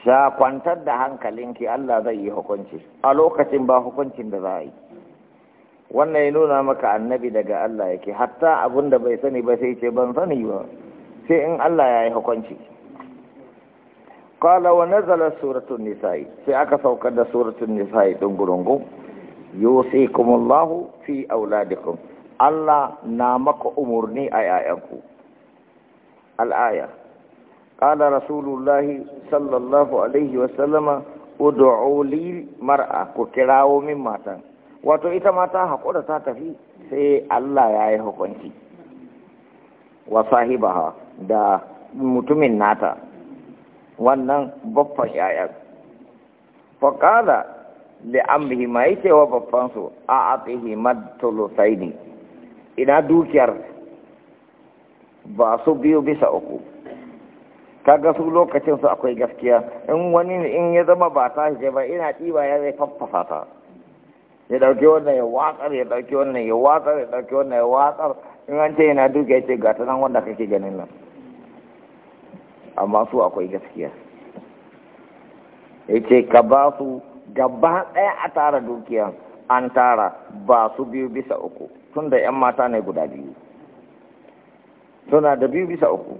Speaker 2: sha kwantar da hankalinki Allah zai yi hukunci a lokacin ba hukuncin da za a yi wannan ya nuna maka annabi daga Allah yake hatta abin da bai sani ba sai ce ban sani ba sai in Allah ya yi hukunci qala wa nazala suratul nisa'i sai aka saukar da suratun nisa'i din gurungu yusikumullahu fi auladikum Allah na maka umarni a ‘ya'yanku. Al'aya, ƙala Rasulullahi sallallahu Alaihi wasallama, Udu'uli mar'a ku kirawo min matan, wato ita mata haƙura ta tafi sai Allah ya yi hukunci, wa sahibaha da mutumin nata, wannan babban ‘ya'yan. faƙada li'amrihi ma yake cewa babbansu a atihi mad ne. ina dukiyar ba su biyu bisa uku kaga su lokacin su akwai gaskiya in wani in ya zama ba ta shi ba ina ɗiba ya zai faffasa ta ya ɗauki wannan ya watsar ya ɗauki wannan ya watsar ya ɗauki wannan ya watsar in an ce yana duka ya ce ga ta nan wanda kake ganin nan amma su akwai gaskiya ya ce ka ba su gaba ɗaya a tara dukiyan an tara ba su biyu bisa uku Tunda da 'yan mata ne guda biyu suna da biyu bisa uku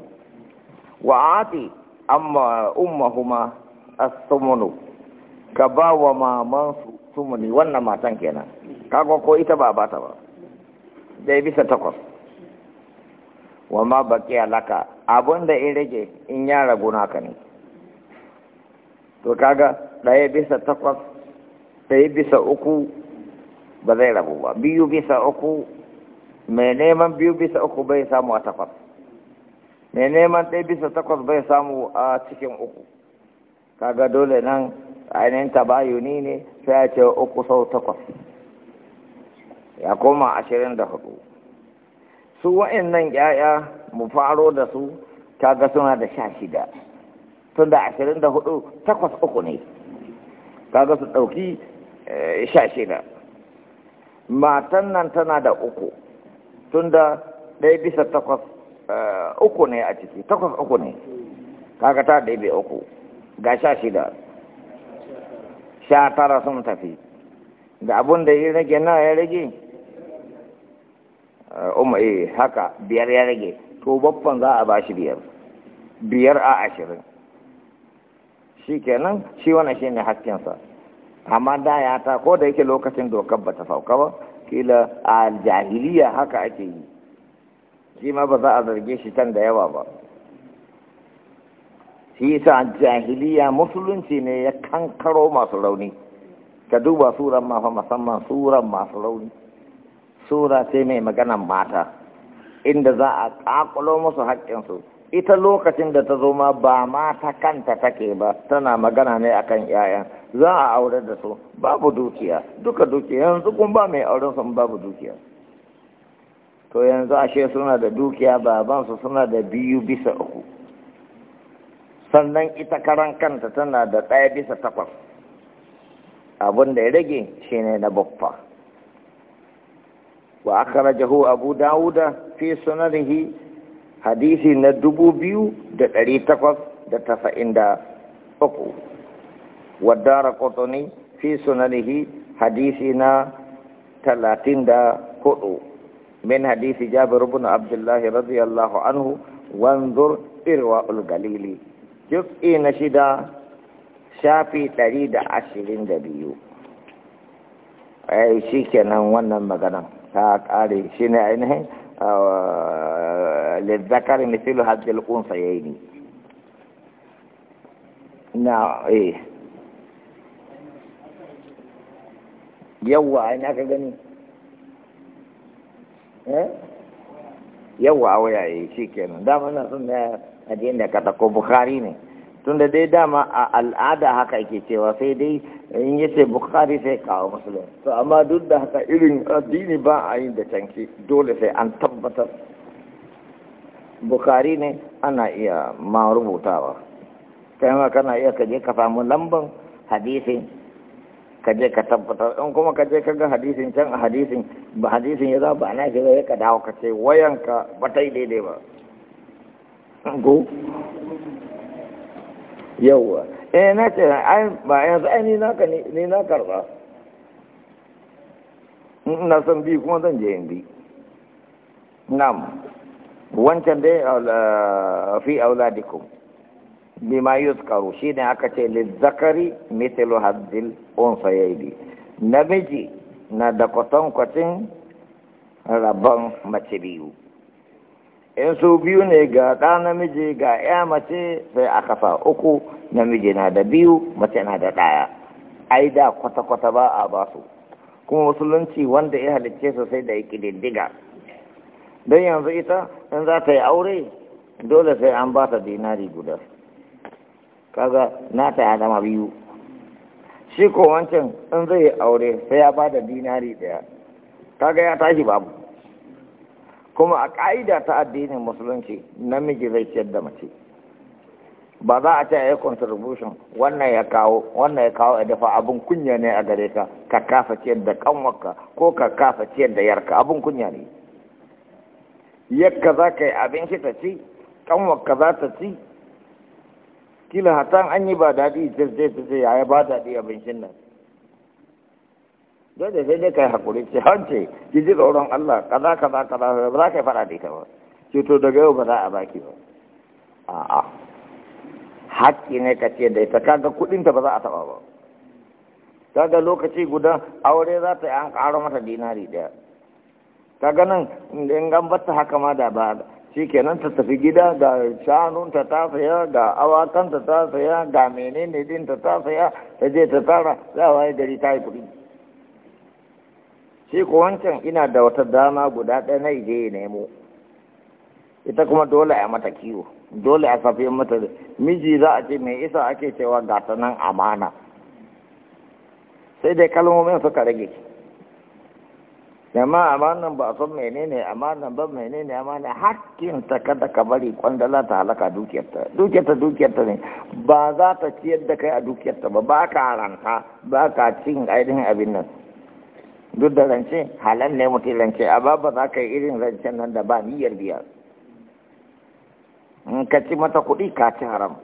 Speaker 2: wa ati amma ummahuma as-sumunu ka ba wa maman su sumuni wannan matan kenan kago ko ita ba ba ta ba dai bisa takwas wa ma baki alaka abunda in rage in ya ragu naka ne to kaga daya bisa takwas daya bisa uku ba zai rabu ba biyu bisa uku mai neman biyu bisa uku bai samu a takwas mai neman ɗaya bisa takwas bai samu a cikin uku kaga dole nan ainihin tabayuni ne sai a ce uku sau takwas ya koma ashirin da hudu su wa'annan ƴaƴa mu faro da su kaga suna da sha shida tun da ashirin da hudu takwas uku ne kaga su ɗauki eh, sha shida matan nan tana da uku tunda ɗaya bisa takwas eh, uku ne a ciki takwas uku ne Kaka ta ɗaya bai uku ga sha shida sha tara sun tafi da abun da ya rage na ya rage eh, umari eh, haka biyar ya rage to babban za a ba shi biyar biyar a ashirin shi kenan shi wane shi ne haskensa amma da ya ta ko da yake lokacin dokar ba ta sauka ba kila a jahiliya haka ake yi shi ma ba za a zarge shi can da yawa ba shi sa jahiliya musulunci ne ya kankaro masu rauni ka duba suran mafa musamman suran masu rauni sura sai mai maganan mata inda za a ƙaƙulo musu haƙƙinsu ita lokacin da ta zo ma ba mata kanta take ba tana magana ne akan 'ya'yan za a aure da su babu dukiya duka dukiya yanzu kun ba mai auren su babu dukiya to yanzu ashe suna da dukiya babansu suna da biyu bisa uku sannan ita karan kanta tana da ɗaya bisa takwas abin da ya rage shine na baffa wa Jahu abu dawuda fi sunanihi hadisi na dubu biyu da ɗari takwas da tasa'in da uku wadara kotoni fi sunanihi hadisina talatin da kudu min hadisi jabir bin abdullah radiyallahu anhu wanzur irwa ul galili juz'i na shida shafi ɗari da ashirin da biyu ai shi kenan wannan maganan ta ƙare shi ne ainihin lizzakar misilu hajjal ƙunsa yayi ni. na eh yawwa ina ka gani eh? yawwa a wayaye eh, shi kenan dama na sun da ajiyar da ka tako bukari ne tunda dai dama a al'ada haka ke cewa sai dai in yi ce bukari sai kawo musulun to amma duk da haka irin addini ba a yi da canki dole sai an tabbatar bukari ne ana iya ma rubutawa kai ma kana iya kaje ka samu lamban hadisin ka je ka tabbatar in kuma ka je ka ga hadisin can a hadisin ba hadisin ya za ba ana shi zai ka dawo ka ce wayanka ba ta yi daidai ba go yawwa eh na ce ai ba yanzu ai ni na ni na karba ina san bi kuma zan je in bi na'am wancan dai uh, fi auladikum bima yuzkaru shine aka ce lizakari mithlu hadzil unsayayni namiji na da kwatankwacin rabon mace biyu in su biyu ne ga ɗa namiji ga ya mace sai aka sa uku namiji na da biyu mace na da ɗaya ai da kwata-kwata ba a ba su kuma musulunci wanda ya halicce su sai da ya ƙididdiga don yanzu ita in za ta yi aure dole sai an ba ta dinari guda kaga nata ya zama biyu shi ko wancan in zai yi aure sai ya bada dinari daya kaga ya tashi babu kuma a ka'ida ta addinin musulunci namiji zai ciyar da mace ba za a ce a yi contribution wannan ya kawo wannan ya kawo a dafa abin kunya ne a gare ka ka kafa ciyar da kanwarka ko ka kafa ciyar da yarka abin kunya ne Yarka za ka yi abinci ta ci kanwarka za ta ci kila hatan an yi ba daɗi sai sai sai ya ba daɗi shi nan dole sai dai kai hakuri ce hance ki ji tsoron Allah kaza kaza kaza ba za ka yi fara da ita ba ce to daga yau ba za a baki ba a'a haƙƙi ne ka ce da ita kaga kuɗin ta ba za a taɓa ba kaga lokaci guda aure za ta yi an ƙara mata dinari ɗaya kaga nan in an bata haka ma da ba shi ta tafi gida ga shanun ta saya ga awakan ta saya ga menene din ta saya ta je ta tara za waye gari ta yi kuɗi shi ko wancan ina da wata dama guda ɗaya na ije ya nemo ita kuma dole a mata kiwo dole a safi mata miji za a ce mai isa ake cewa ga ta nan amana sai dai kalmomin suka rage ki yamma amanan ba a san menene amanan ba menene amanan hakkin ta kada ka bari kwandala ta halaka dukiyarta dukiyarta dukiyarta ne ba za ta ciyar da kai a dukiyarta ba ba ka ranta ba ka cin ainihin abin nan duk da rance halal ne mutum rance a ba ba za ka yi irin rancen nan da ba niyyar biyar in ka ci mata kuɗi ka ci haram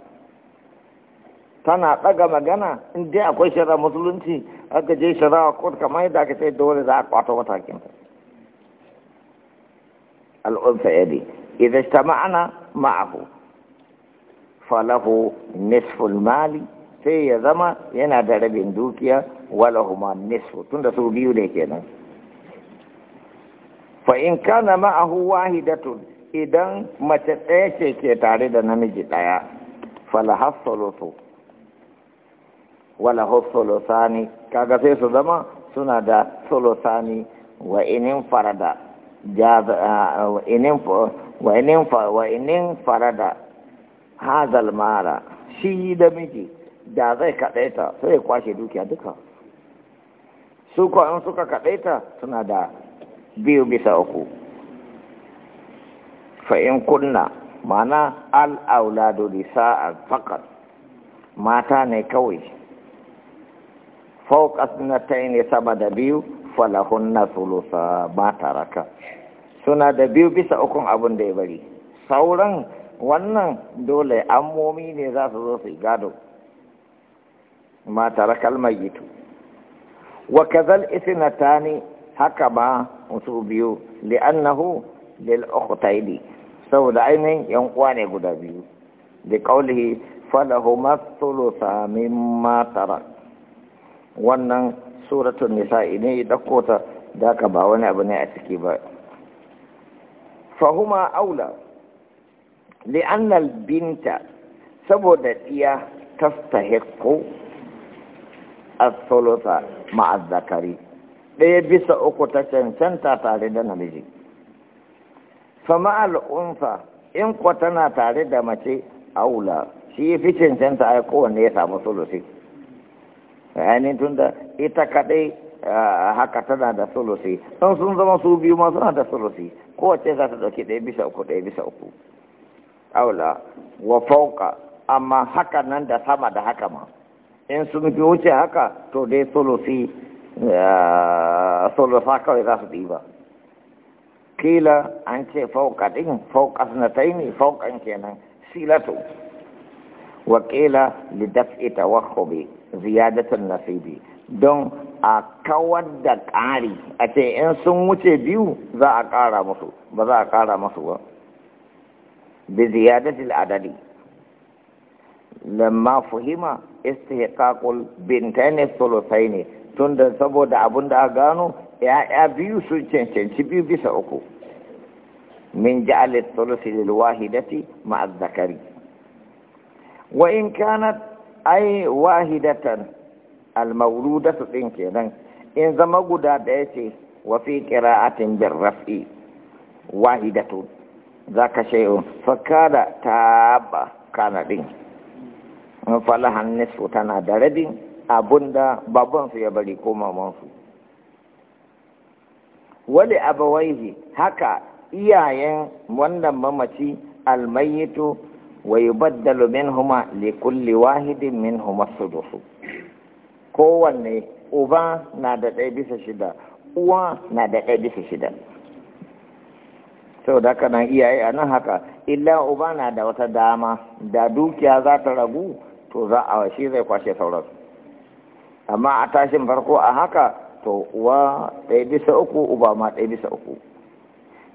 Speaker 2: tana ɗaga magana in dai akwai shari'a musulunci aka je shari'a kot kamar yadda aka ce dole za a kwato matakin ya yadi idan ta ma'ana ma'ahu falahu nisful mali sai ya zama yana da rabin dukiya wala huma nisfu da su biyu ne kenan fa in kana ma'ahu wahidatun idan mace ɗaya ce ke tare da namiji ɗaya fala hassalatu wala hu kaga sai su zama suna da sani. wa inin farada wa inin farada hazal mara shi da miji da zai kaɗaita sai kwashe dukiya duka su ko in suka kaɗaita suna da biyu bisa uku fa'in kunna mana al'auladu da sa'ar mata ne kawai فوق اثنتين سما دبيو فلهن ثلثا ما ترك سنا دبيو abin da ya bari sauran wannan dole ammomi ne za su zo su yi, gado mata rakal mayitu wa kazal ni haka ba su biyu li li'annahu lil ukhtaini saboda ainihin yan uwa ne guda biyu da qawlihi falahu mathulutha mimma tarak wannan suratun nisa ne ya dauko ta da ka ba wani abu ne a ciki ba fahuma aula li'annal binta saboda iya tastahiqu as-sulusa ma'a zakari ɗaya bisa uku ta cancanta tare da namiji fama al'unsa in kwa tana tare da mace aula shi fi cancanta a kowanne ya samu sulusi yani eh, tunda ita kadai eh, haka tana da solosi don sun zama su biyu ma suna da solosi kowace za ta dauki ɗaya bisa uku ɗaya bisa uku aula wa fauka amma haka nan da sama da haka ma in sun fi wuce haka to dai solosi eh, sulusa kawai za su ɗiba kila an ce fauka ɗin fauka suna ta yi ne faukan kenan silato wa kila lidaf'i tawakkubi ziyadatul nasibi don a kawar da ƙari a ce in sun wuce biyu za a ƙara musu ba za a ƙara musu ba bi ziyadatul adadi lamma fuhima istihqaqul bintaini thuluthaini tunda saboda abun da a gano ya'ya biyu sun cancanci biyu bisa uku min ja'al thuluthi lil wahidati ma'a dhakari wa in kanat ai wahidatan almauludatu din kenan in zama guda daya ce wa fi qira'atin bir raf'i wahidatu zaka shay'un oh, fa kana taba kana din in falahan nisfu tana da rabin abunda su ya bari ko su wali abawaihi haka iyayen wannan mamaci almayitu wa yubaddalu minhuma li kulli wahidin minhuma sudusu kowanne uba na da ɗaya bisa shida uwa na da ɗaya bisa shida sau da haka iyaye a nan haka illa uba na da wata dama da dukiya za ta ragu to za a shi zai kwashe sauran amma a tashin farko a haka to uwa ɗaya bisa uku uba ma ɗaya bisa uku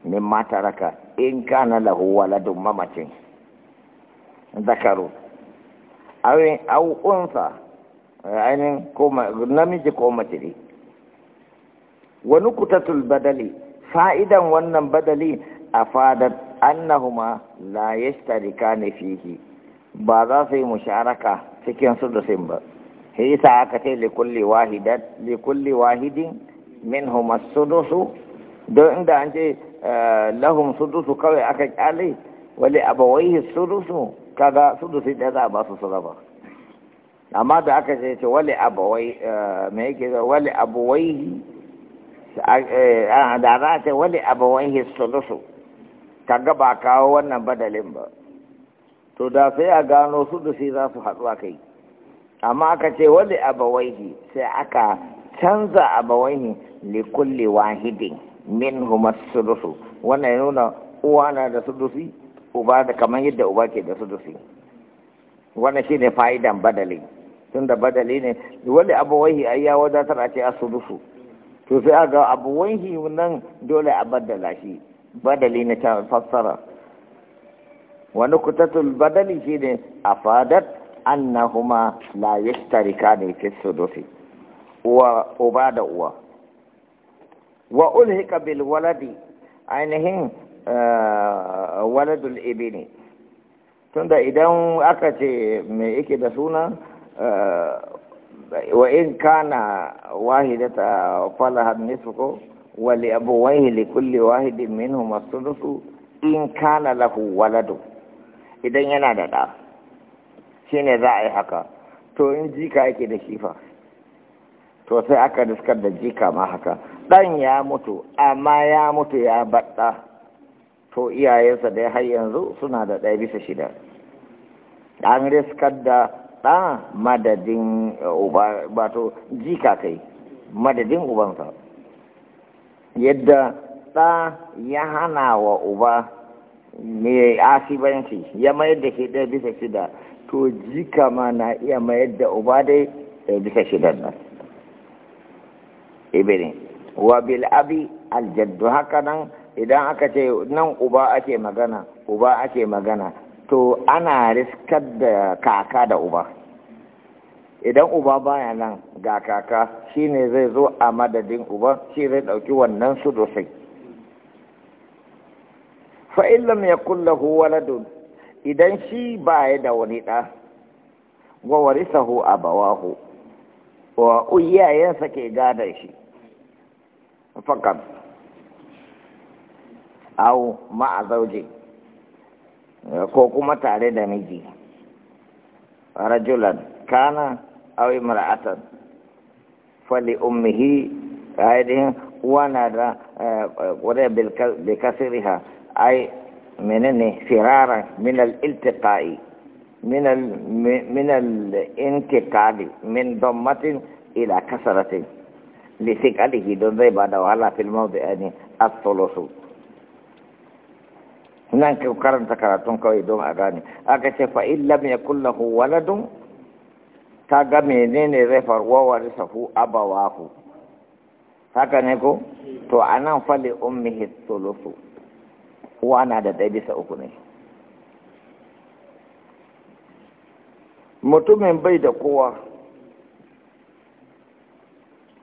Speaker 2: min mata raka in kana lahu waladun mamacin zakaru awin au'unsa eh, ainihin namiji ko mace ne wani kutatul badali fa'idan wannan badali a fadar annahuma la yashtarika ne fihi ba za su yi musharaka cikin su da sin ba hisa aka ce likulli wahidat likulli wahidin minhum as don inda an ce eh, lahum sudusu kawai aka kyale wai su sudusu kaga sudusi ɗaya za a ba su su ba amma da aka ce ce wale abawai eh, me yake da wale abawai eh, ah, da za a ce wale abawai histolusu kaga ba kawo wannan badalin ba to da sai a gano sudusi za su haɗu a kai amma aka ce wale abawai sai aka canza abawai kulli wahidin min humar sudusu wannan ya nuna uwa na da sudusi uba da kamar yadda uba ke da sudusi wannan shi ne fa'idan badali tun da badali ne wani wahi a ya wadatar a ce a sudusu to sai a ga wahi nan dole a badala shi badali na ta fassara wani kutatul badali shi ne a fadar annahuma la yashtarika ne fi sudusi uwa uba da uwa wa ulhika bil waladi ainihin Eh, waladul ibini tunda idan aka ce me yake da suna eh, wa in kana wahidata falahan nisuko wali abuwaihi li kulli wahidin minhu as in kana lahu waladu idan yana da da shine za a yi haka to in jika yake da shifa to sai aka diskar da jika ma haka ɗan ya mutu amma ya mutu ya baɗa to iyayensa dai har yanzu suna da ɗaya bisa shida an riskar da ɗa madadin eh, uba bato jika kai madadin ubansa yadda ɗa ya hana wa uba mai asibanci ya mayar da ke ɗaya bisa shida to jika ma na iya mayar da uba dai ɗaya bisa shidan nan ibirin wa bil abi aljaddu haka nan idan aka ce nan uba ake magana uba ake magana to ana riskar da kaka da uba idan uba baya nan ga kaka shine zai zo a madadin uba shi zai dauki wannan sudusai fa in lam kulle lahu waladun idan shi baya da wani da wa a abawahu wa iyayensa ke gada shi fakat au ma a zauje ko kuma tare da miji rajulan kana au imra'atan fali ummihi ayyadin uwana da eh, bil kasiriha ai menene firara min al iltiqai min al intiqali min dammatin ila kasaratin li don zai ba da wahala fil mawdi'ani as-sulusu nan ka karanta karatun kawai don a gane aka ce fa in lam yakul lahu waladun ta ga ne zai faruwa wa risahu abawahu haka ne ko to a nan fali ummihi thuluthu uwa na da ɗaya bisa uku ne mutumin bai da kowa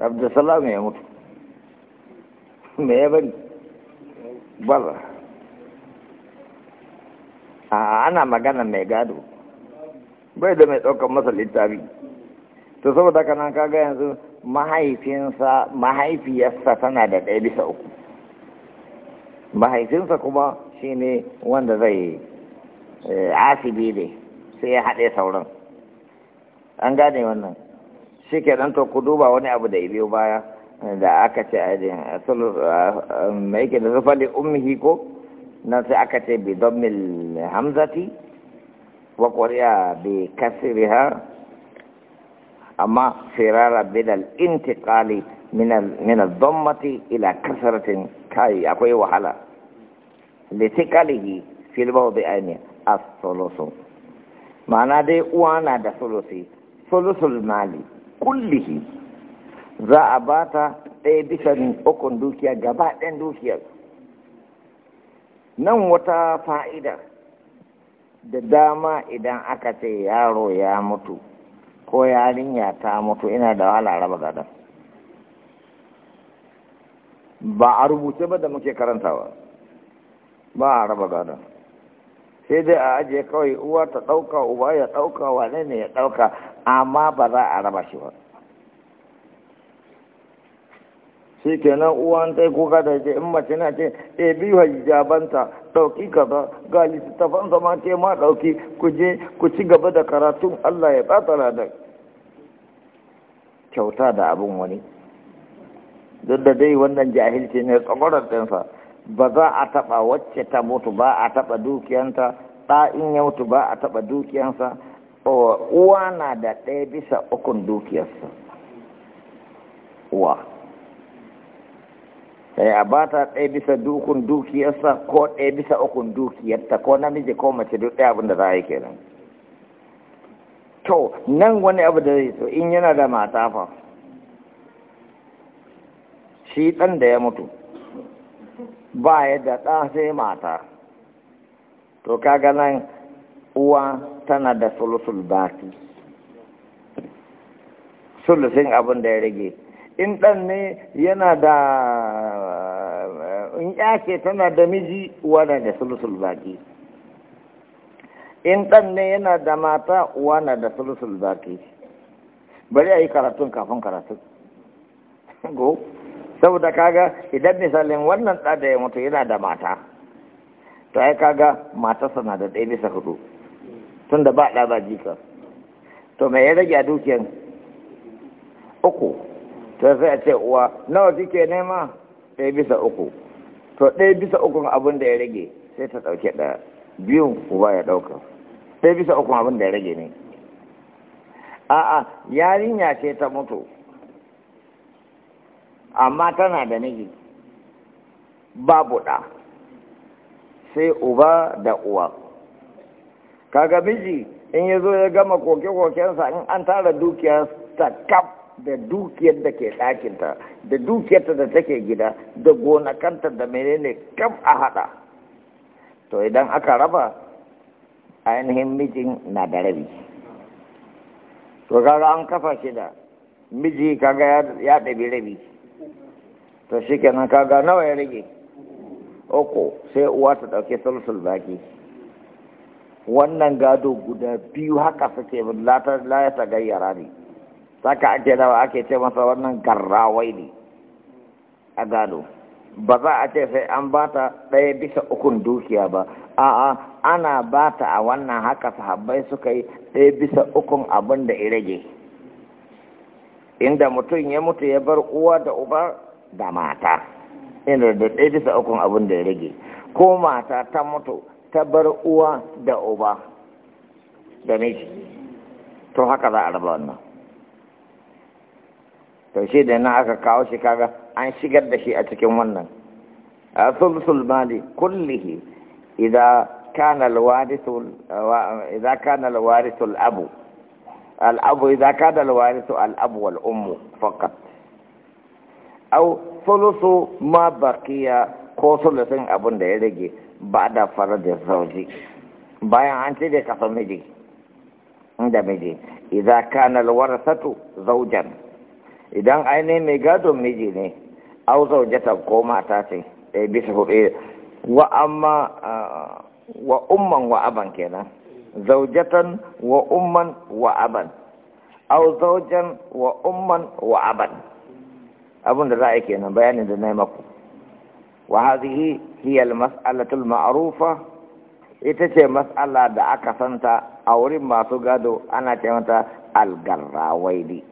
Speaker 2: abdulsalam ya mutu me ya bari bala a ana magana mai gado bai da mai ɗaukar masa littafi to saboda haka nan kaga yanzu mahaifinsa mahaifiyarsa tana da ɗaya bisa uku mahaifinsa kuma shi ne wanda zai eh, asibi ne sai ya haɗe sauran an gane wannan shi ke to ku duba wani abu da biyo baya da aka ce a yadda ya yake da zufali ummihi ko nan sai aka ce bi dhammil hamzati wa qari'a bi kasriha amma firara bil intiqali min al ila kasratin kai akwai wahala litiqalihi fil mawdi'aini a solosu ma'ana dai uwa na da sulusi sulusul mali kullihi za a bata ɗaya bisa ukun dukiya gaba ɗayan dukiyar nan wata fa'ida da dama idan aka ce yaro ya mutu ko yarinya ta mutu ina da wahala raba gadon ba a rubuce ba da muke karantawa ba a raba gadon sai dai a ajiye kawai uwa ta ɗauka uba ya ɗauka wane ne ya ɗauka amma ba za a raba shi ba shi kenan uwan tai kuka da ce in mace na ce e eh, biyu hijabanta ɗauki kaza ga littafan zama ce ma ɗauki ku je ku ci gaba da karatun Allah ya tsatara da kyauta da abin wani duk da dai wannan jahilci ne tsakwarar ɗinsa ba za a taɓa wacce ta mutu ba a taɓa dukiyanta ɗa in ya mutu ba a taɓa dukiyansa uwa na da ɗaya bisa ukun dukiyarsa uwa Eh, a ba ta ɗaya bisa dukun dukiyarsa ko ɗaya bisa ukun dukiyarta ko namiji ko mace duk ɗaya abin da za a yi kenan to nan wani abu da zai so in yana da mata fa shi ɗan da ya mutu ba ya da ɗa sai mata to kaga nan uwa tana da sulusul baki sulusin abin da ya rage in ɗan ne yana da in yake tana da miji wana da sulusul baki in ɗan ne yana da mata wana da sulusul baki bari a yi karatun kafin karatun go saboda kaga idan misalin wannan ɗa da ya mutu yana da mata to ai kaga matarsa na da ɗaya bisa hudu tun da ba ɗa ba jika to mai ya rage a dukiyan uku to sai a ce uwa nawa kike nema ɗaya bisa uku to ɗaya bisa uku abin da ya rage sai ta ɗauke ɗaya biyun uba ya ɗauka ɗaya bisa uku abin da ya rage ne a'a yarinya ce ta mutu amma tana da miji babu ɗa sai uba da uwa kaga miji in ya zo ya gama koke-kokensa in an tara dukiyar ta kaf da dukiyar da ke ɗakinta da dukiyarta da take gida da gonakanta da menene kam a haɗa to idan aka raba ainihin mijin na da rabi to kaga an kafa shi da miji kaga ya ɗabi rabi to shi kenan kaga nawa ya rage Oko, sai uwa ta ɗauki sulsul baki wannan gado guda biyu haka suke la ya gayyara ne saka ake dawa ake ce masa wannan garrawai ne a gado ba za a ce sai an ba ta ɗaya bisa ukun dukiya ba a'a ana ba ta a wannan haka sahabbai suka yi ɗaya bisa ukun abin da ya rage inda mutum ya mutu ya bar uwa da uba da mata inda da ɗaya bisa ukun abin da ya rage ko mata ta mutu ta bar uwa da uba da miji to haka za a raba wannan to shi da na aka kawo shi kaga an shigar da shi a cikin wannan a sulsul mali kullihi idza kana alwarithu idza kana alwarithu alabu alabu idza kana alwarithu alabu wal ummu faqat aw sulusu ma baqiya ko sulusin abun da ya rage ba da da zauji bayan an ce da kafa miji inda miji idza kana alwarasatu zawjan idan ainihin mai gado miji ne au zaujata ko mata ce a eh, bisa hudu eh, wa amma ah, wa umman wa aban kenan zaujatan wa umman wa aban au zaujan wa umman wa aban abin da za a yi kenan bayanin da na yi maku wa hazihi hiya masalatul ma'rufa ita ce mas'ala da aka santa a wurin masu gado ana ce mata algarrawaidi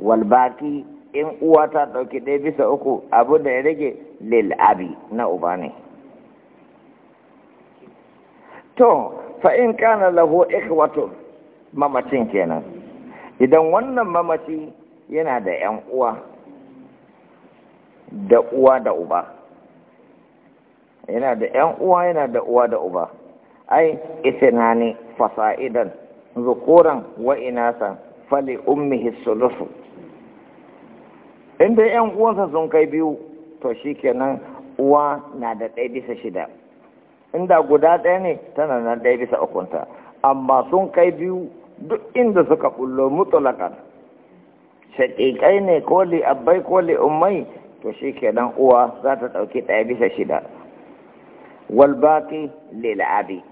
Speaker 2: walbaki in uwa ta ɗauki ɗaya bisa uku abu da ya rage lil'abi na uba ne to fa'in kana laho ikwatun mamacin kenan idan wannan mamaci yana da ‘yan uwa da uwa da uba yana da ‘yan uwa yana da uwa da uba ai isinani fasa'idan zukuran wa inasan fali Ummi sulusu inda yan uwansa sun kai biyu to shikenan uwa na da ɗaya bisa shida inda guda ɗaya ne tana na ɗaya bisa ukunta amma sun kai biyu duk inda suka bullo mutulakan shaƙiƙai ne ko li abbai ko li ummai to shikenan uwa za ta ɗauki ɗaya bisa shida walbaki lil'abi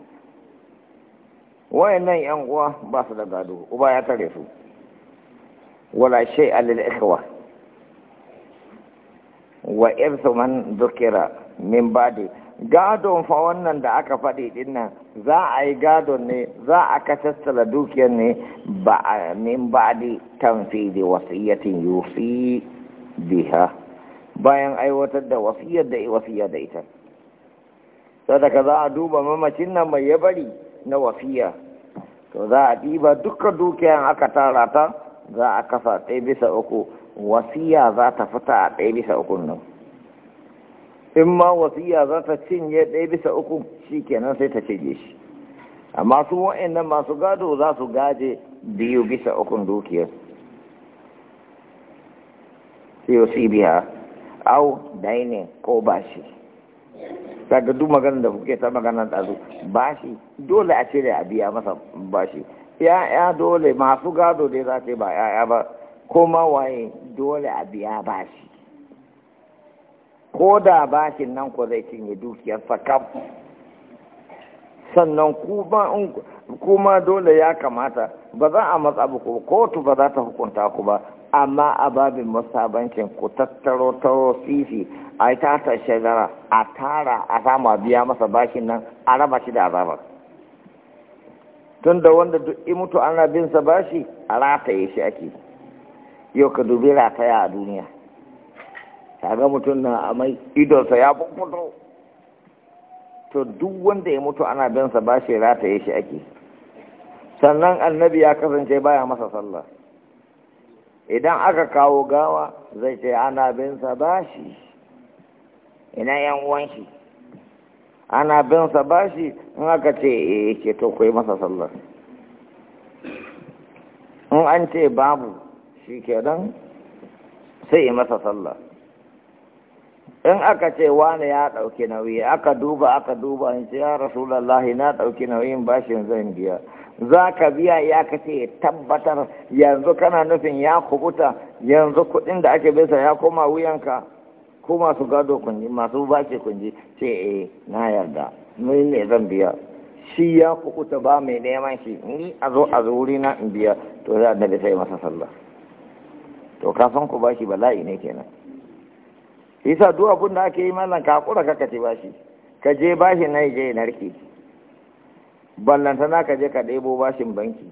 Speaker 2: wayannan yan uwa ba su da gado uba ya tare su ولا شيء للإخوة وإرث من ذكر من بعد gadon fa wannan da aka faɗi dinnan za a yi gadon ne za a kasassala dukiyar ne ba a min ba'di tanfidi wasiyatin yufi biha bayan aiwatar da wasiyar da da ita sadaka za a duba mamacin nan mai ya bari na wasiyya to za a diba duka dukiyar aka tara ta za a kafa ɗaya bisa uku wasiya za ta fita a ɗaya bisa uku nan in ma wasiya za ta cinye ɗaya bisa uku shi kenan sai ta cinye shi amma su wa'annan masu gado za su gaje biyu bisa ukun dukiyar sai biya au dainin ko bashi daga duk maganin da kuke ta maganin ɗazu bashi dole a cire a biya masa bashi ya'ya dole masu gado dai za ta ba ya'ya ba kuma waye dole a biya bashi ko da bashin nan ko zai cinye dukiyar kam sannan kuma dole ya kamata ba za a matsa ba ko kotu ba za ta hukunta ku ba amma a babin musabancin ku tattaro taro fifi a yi tata shagara a tara a a biya masa bashin nan a raba shi da azabar tun da wanda duk mutu ana bin sa bashi a rataye shi ake yau ka dubi rataya a duniya ga mutum na amai idonsa ya fito to duk wanda ya mutu ana bin sa bashi rataye shi ake sannan annabi ya kasance baya masa sallah idan aka kawo gawa zai ce ana bin sa bashi ina yan uwan ana bin sa bashi in aka ce eh to ku yi masa sallar in an ce babu shi ke nan sai yi masa sallah in aka ce wani ya ɗauki nauyi aka duba aka duba in ce ya rasulallahi na ɗauki nauyin bashin zan biya za ka biya ya kace tabbatar yanzu kana nufin ya kubuta yanzu kuɗin da ake bisa ya koma wuyanka ko masu gado kunji masu bace kunji ce eh na yarda mai ne zan biya shi ya kukuta ba mai neman shi ni a zo a zo wuri na biya to za da sai masa sallah to ka san ku bashi bala'i ne kenan yasa duk abunda da ake yi mallan ka kura ka kace bashi ka je bashi na je narki ballantana ka je ka ɗebo bashin banki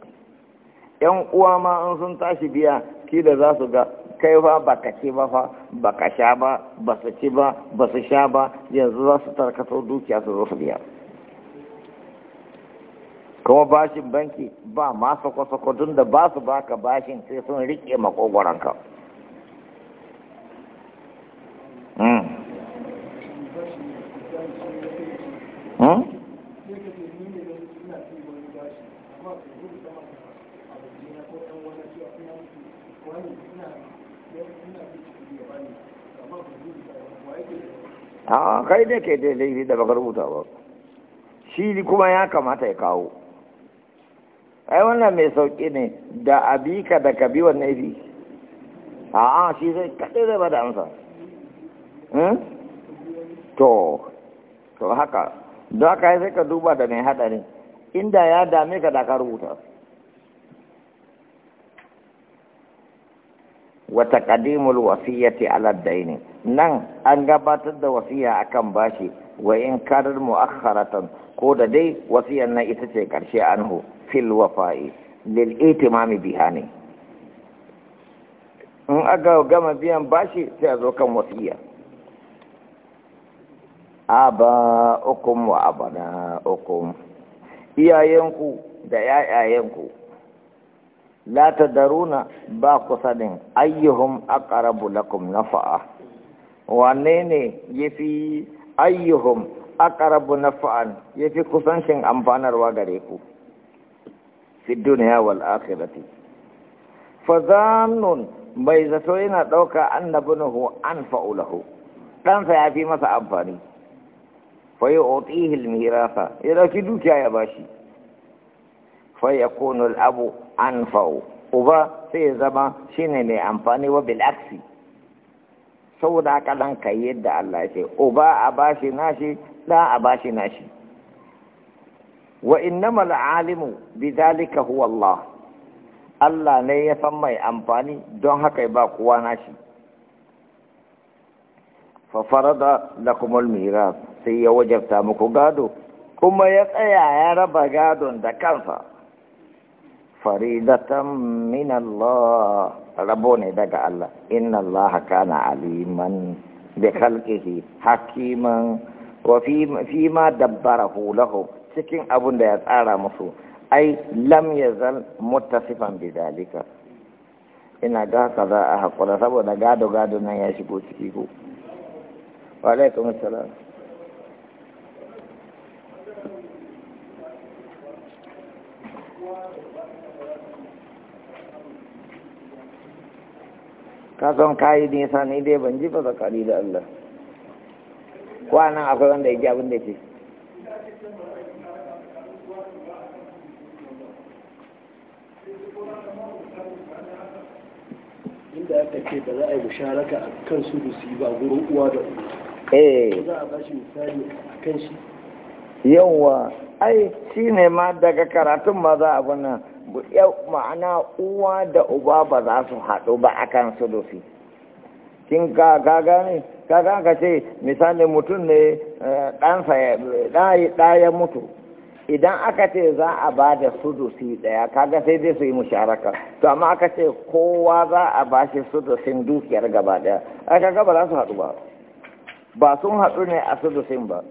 Speaker 2: yan uwa ma sun tashi biya kila za su ga kai fa baka ce ba fa baka sha ba ba su ci ba ba su sha ba yanzu za su tarkato dukiya su zo su biya kuma bashin banki ba ma sako-sako tun da ba su baka bashin sai sun riƙe makogoranka Thank hmm. hmm? a kai ne ke da da baka rubuta ba shi kuma ya kamata ya kawo ai wannan mai sauki ne da abika da kabi wannan fi a a shi zai kaɗai zai bada amsa hmm? to to haka don haka sai ka duba da mai in inda ya dame ka da ka rubuta wata kadimul wasiyyati ala daini nan an gabatar da wasiya akan bashi wa in karar mu'akharatan ko da dai wasiyar nan ita ce karshe anhu fil wafa'i lil itimami biha ne in aka gama biyan bashi sai a zo kan wasiya aba ukum wa abana ukum iyayenku da yayayenku la daruna ba ku sanin ayyuhum aqrabu lakum fa'a. wane ne ya fi ayyuhun yafi na fa'an ya fi kusancin amfanarwa gare ku fi duniya wal akirati fa zannun bai zato yana dauka annabunahu an fa’ulahu ɗansa ya fi masa amfani fa otihil mirasa ya dauki dukiya ya bashi fa ya al-abu anfa'u uba sai ya zama shine mai amfani wa bil saboda haka dan kai yadda Allah ya ce uba a bashi nashi da a bashi nashi wa innamal alimu bidhalika huwa Allah Allah ne ya san mai amfani don haka ba kowa nashi fa farada lakumul miras sai ya wajabta muku gado kuma ya tsaya ya raba gadon da kansa faridatan minallah rabo ne daga Allah inna Allah kana aliman bi khalqihi hakiman wa fi fi ma dabbarahu cikin abun da ya tsara musu ai lam yazal muttasifan bi zalika ina ga kaza a hakura saboda gado gado nan ya shigo ciki ko wa alaikum ka san kayi nisa ni dai ban ji ba tsakani da Allah kwanan akwai wanda ya ji abin da ke
Speaker 3: inda aka ce ba za a yi musharaka a kan su da su yi ba gurin uwa da uwa eh za a bashi misali a kan shi yawwa
Speaker 2: ai shi ne ma daga karatun ma za a wannan ma'ana uwa da uba ba za su haɗu ba akan sulusi kin ga kaga ka ce misali mutum ne eh, ɗansa ya mutu idan aka ce za a ba da sudusi ɗaya kaga sai dai su yi musharaka to amma aka ce kowa za a ba shi sudusin dukiyar gaba ɗaya aka gaba za su haɗu ba ba sun haɗu ne a sudusin ba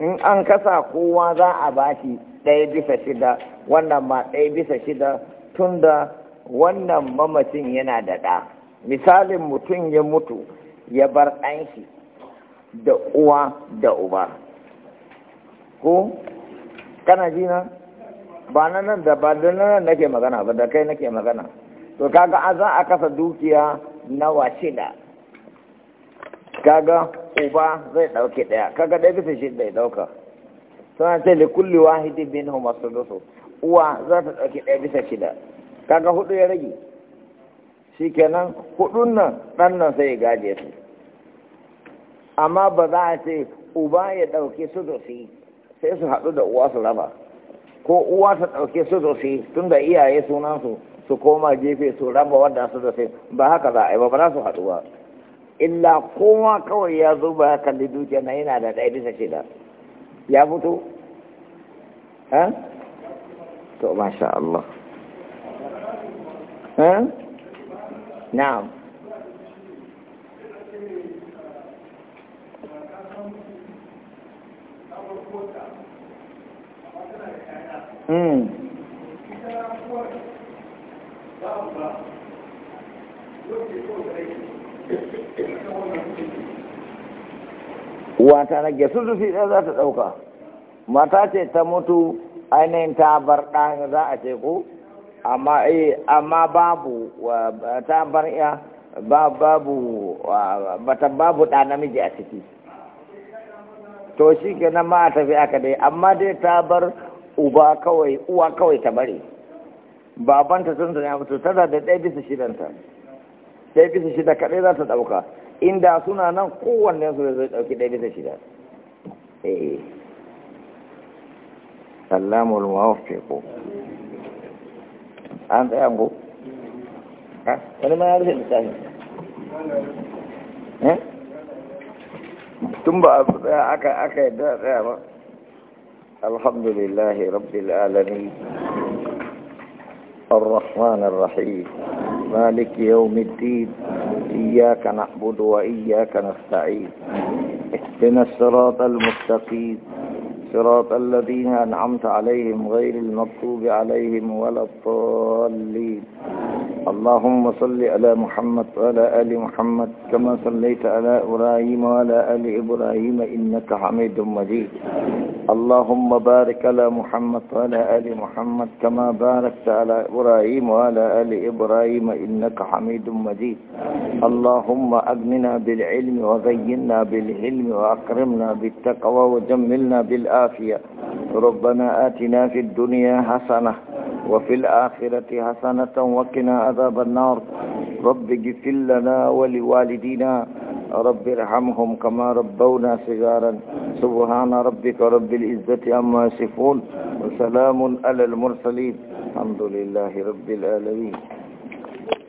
Speaker 2: in an kasa kowa za a shi ɗaya bisa shida wannan ma ɗaya bisa shida tunda wannan mamacin yana da ɗa misalin mutum ya mutu ya bar ɗanshi da uwa da uba ko kana jina ba nan da ba da nan nake magana ba da kai nake magana to kaga a za a kasa dukiya nawa shida kaga uba zai dauke daya kaga ɗaya bisa shi ya dauka suna ce li kulli wahidi bin hu uwa za ta dauke ɗaya bisa shida kaga hudu ya rage shi kenan hudun nan ɗan nan sai gaje su amma ba za a ce uba ya dauke su da sai su haɗu da uwa su raba ko uwa ta dauke su da tunda iyaye sunansu su koma gefe su raba wadda su da ba haka za a yi ba ba za su haɗu ba illa kowa kawai ya zo ba kalli dukiya na yana da ɗaya bisa shida ya fito ha to masha Allah ha na'am Mm. Wata uwata nake su ɗaya za ta ɗauka mata ce ta mutu ainihin ta bar ɗan za a ce ko amma eh, amma babu ta bar iya babu bata babu ɗa namiji a ciki to shi kenan ma a tafi aka dai amma dai ta bar uba kawai uwa kawai ta bari babanta sun zana mutu tana da ɗaya bisa shidanta ɗaya bisa shida kaɗai za ta ɗauka inda suna nan kowanne su da zai ɗauki ɗaya bisa shida eh sallamul muwaffiqu an tsaya ko ha wani ma ya rufe littafin eh tun ba a tsaya aka aka yadda tsaya ba alhamdulillahi rabbi alamin الرحمن الرحيم مالك يوم الدين إياك نعبد وإياك نستعين اهدنا الصراط المستقيم صراط الذين أنعمت عليهم غير المكتوب عليهم ولا الضالين اللهم صل على محمد وعلى آل محمد كما صليت على إبراهيم وعلى آل إبراهيم إنك حميد مجيد اللهم بارك على محمد وعلى آل محمد كما باركت على إبراهيم وعلى آل إبراهيم إنك حميد مجيد اللهم أغننا بالعلم وزينا بالعلم وأكرمنا بالتقوى وجملنا بالعافية ربنا آتنا في الدنيا حسنة وفي الآخرة حسنة وقنا عذاب النار رب اغفر لنا ولوالدينا رب ارحمهم كما ربونا صغارا سبحان ربك رب العزة عما
Speaker 1: يصفون وسلام على المرسلين الحمد لله رب العالمين